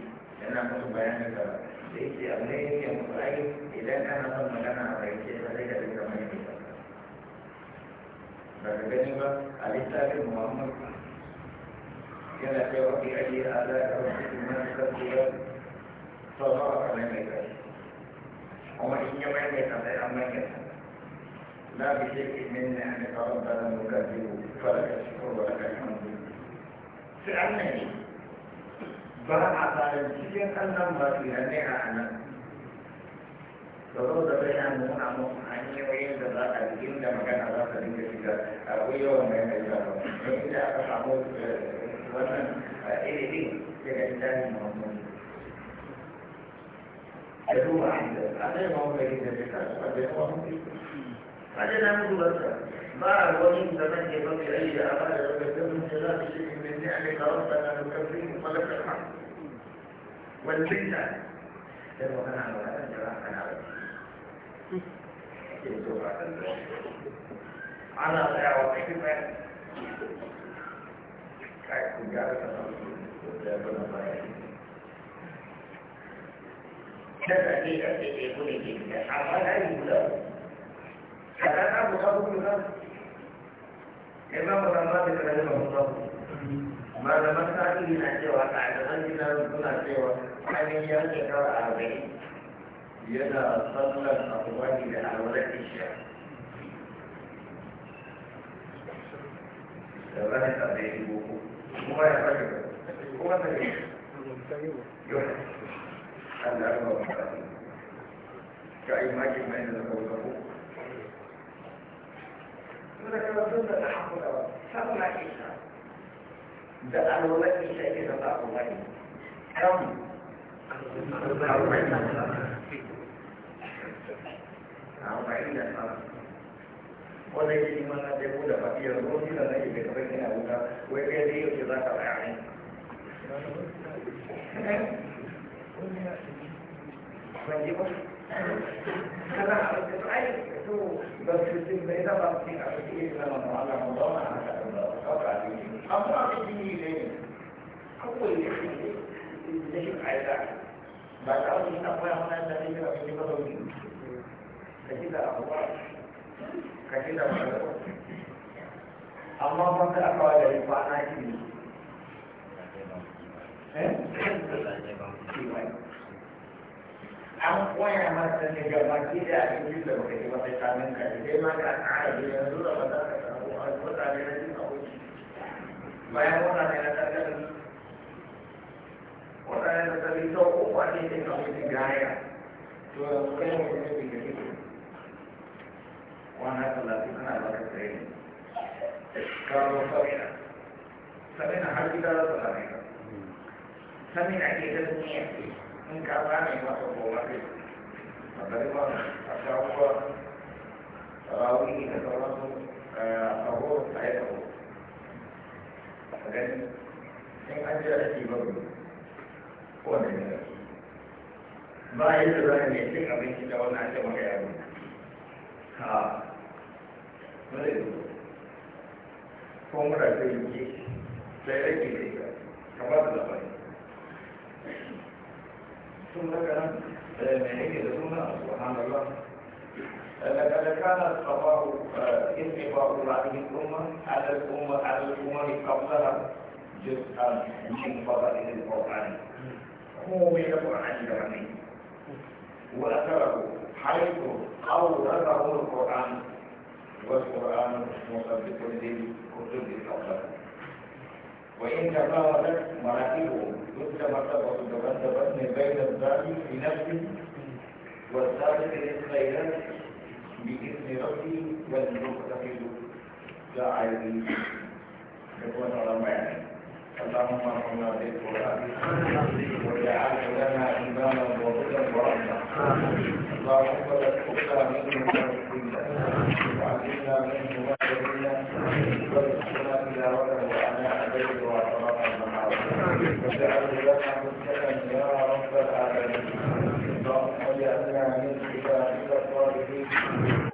yana musu bayanin da da yake abu ne yake musu aiki idan kana son magana a fahimce ta sai ka dinga mai ne ba ka gani ba a littafin muhammad yana cewa fi ajiye ala da wasu kuma suka tura sau nawa kamar mai kai kuma in ya mai ta sai an mai ta la bi shakki minna an tarabbana nukadiru falaka shukru wa laka alhamdu sai an ne ba a tsarin cikin Allah ba su yi ne a nan da zo da bayan nuna musu hanyoyin da za a jikin da magana za ta dinga shiga akwai yawan mai kai ba don inda aka samu a duba a ba wani da ya ba a ba a wani da zan ke ba mai ayi da a ba da wani da mun ce za su shi ne a kawo da na wani da ba kana ba kana ba ke zo ba kan ana kai ku ta da ya kada ne a ce ɗaya kuma ke da amma na yi guda kada na ku sabu kuma ya ba mu zama da kada ba mu sabu malaman sa'ili na cewa ɗaliban gina suna cewa hannun ya shekara arba'in yana sallar abubuwan da alwalar isha da zai tsaye kuma ya fashe kuma ta yi Allah ya ba mu ka yi maki mai da kawo suna kama sun da ta haƙura ba sallah isa da alwala isa ke da ba ku wani kan arba'in da arba'in da wanda ya yi mana da ku da fafiyar rosi da na ibe kamar yana wuta wai kai zai yau ce za ka bayani amma ban da aka wajen ba na shi an koya masa ne ga baki da abin da baka yi wata kamin ka sai ma ka tsara da yanzu da wata ka samu a wata ne na jin aboki bayan wata ne na tattalin wata ne na tattalin sau uku a cikin abokin gaya to yanzu kai mu ne bi da kike kwana talatin ana baka tsaye ka zo sabina sabina har gida za su same ka sanin a gidan duniya in ka zane masa goma kai a garba a shawuwa rawi da sauransu a horo a yi horo a gani in an jira da shi babu ko da ne ba yadda za a mai cin abinci da wannan ake maka yaro ha zai zo ko mura zai yi sai rage da ita kamar da labari ثم كان معين لدونا سبحان الله آه، لقد كان الصفاء انطباع آه، هذه الأمة على الأمة على الأمم قبلها جزءا من فضائل القرآن هو من القرآن العظيم وأثره حيث أورده القرآن والقرآن مصدق لكتب قبله وإن تفاوتت مراتبهم مثل مرتبة تقدمت من بين الظالم في نفسه والثالث للخيرات بإذن ربي والمقتفل كعلي يكون رمعنا اللهم ارحمنا بالقران واجعله لنا اماما وهدى ورحمه اللهم لا تخفى منه ما كنا وعلمنا منه ما كنا يا رب العالمين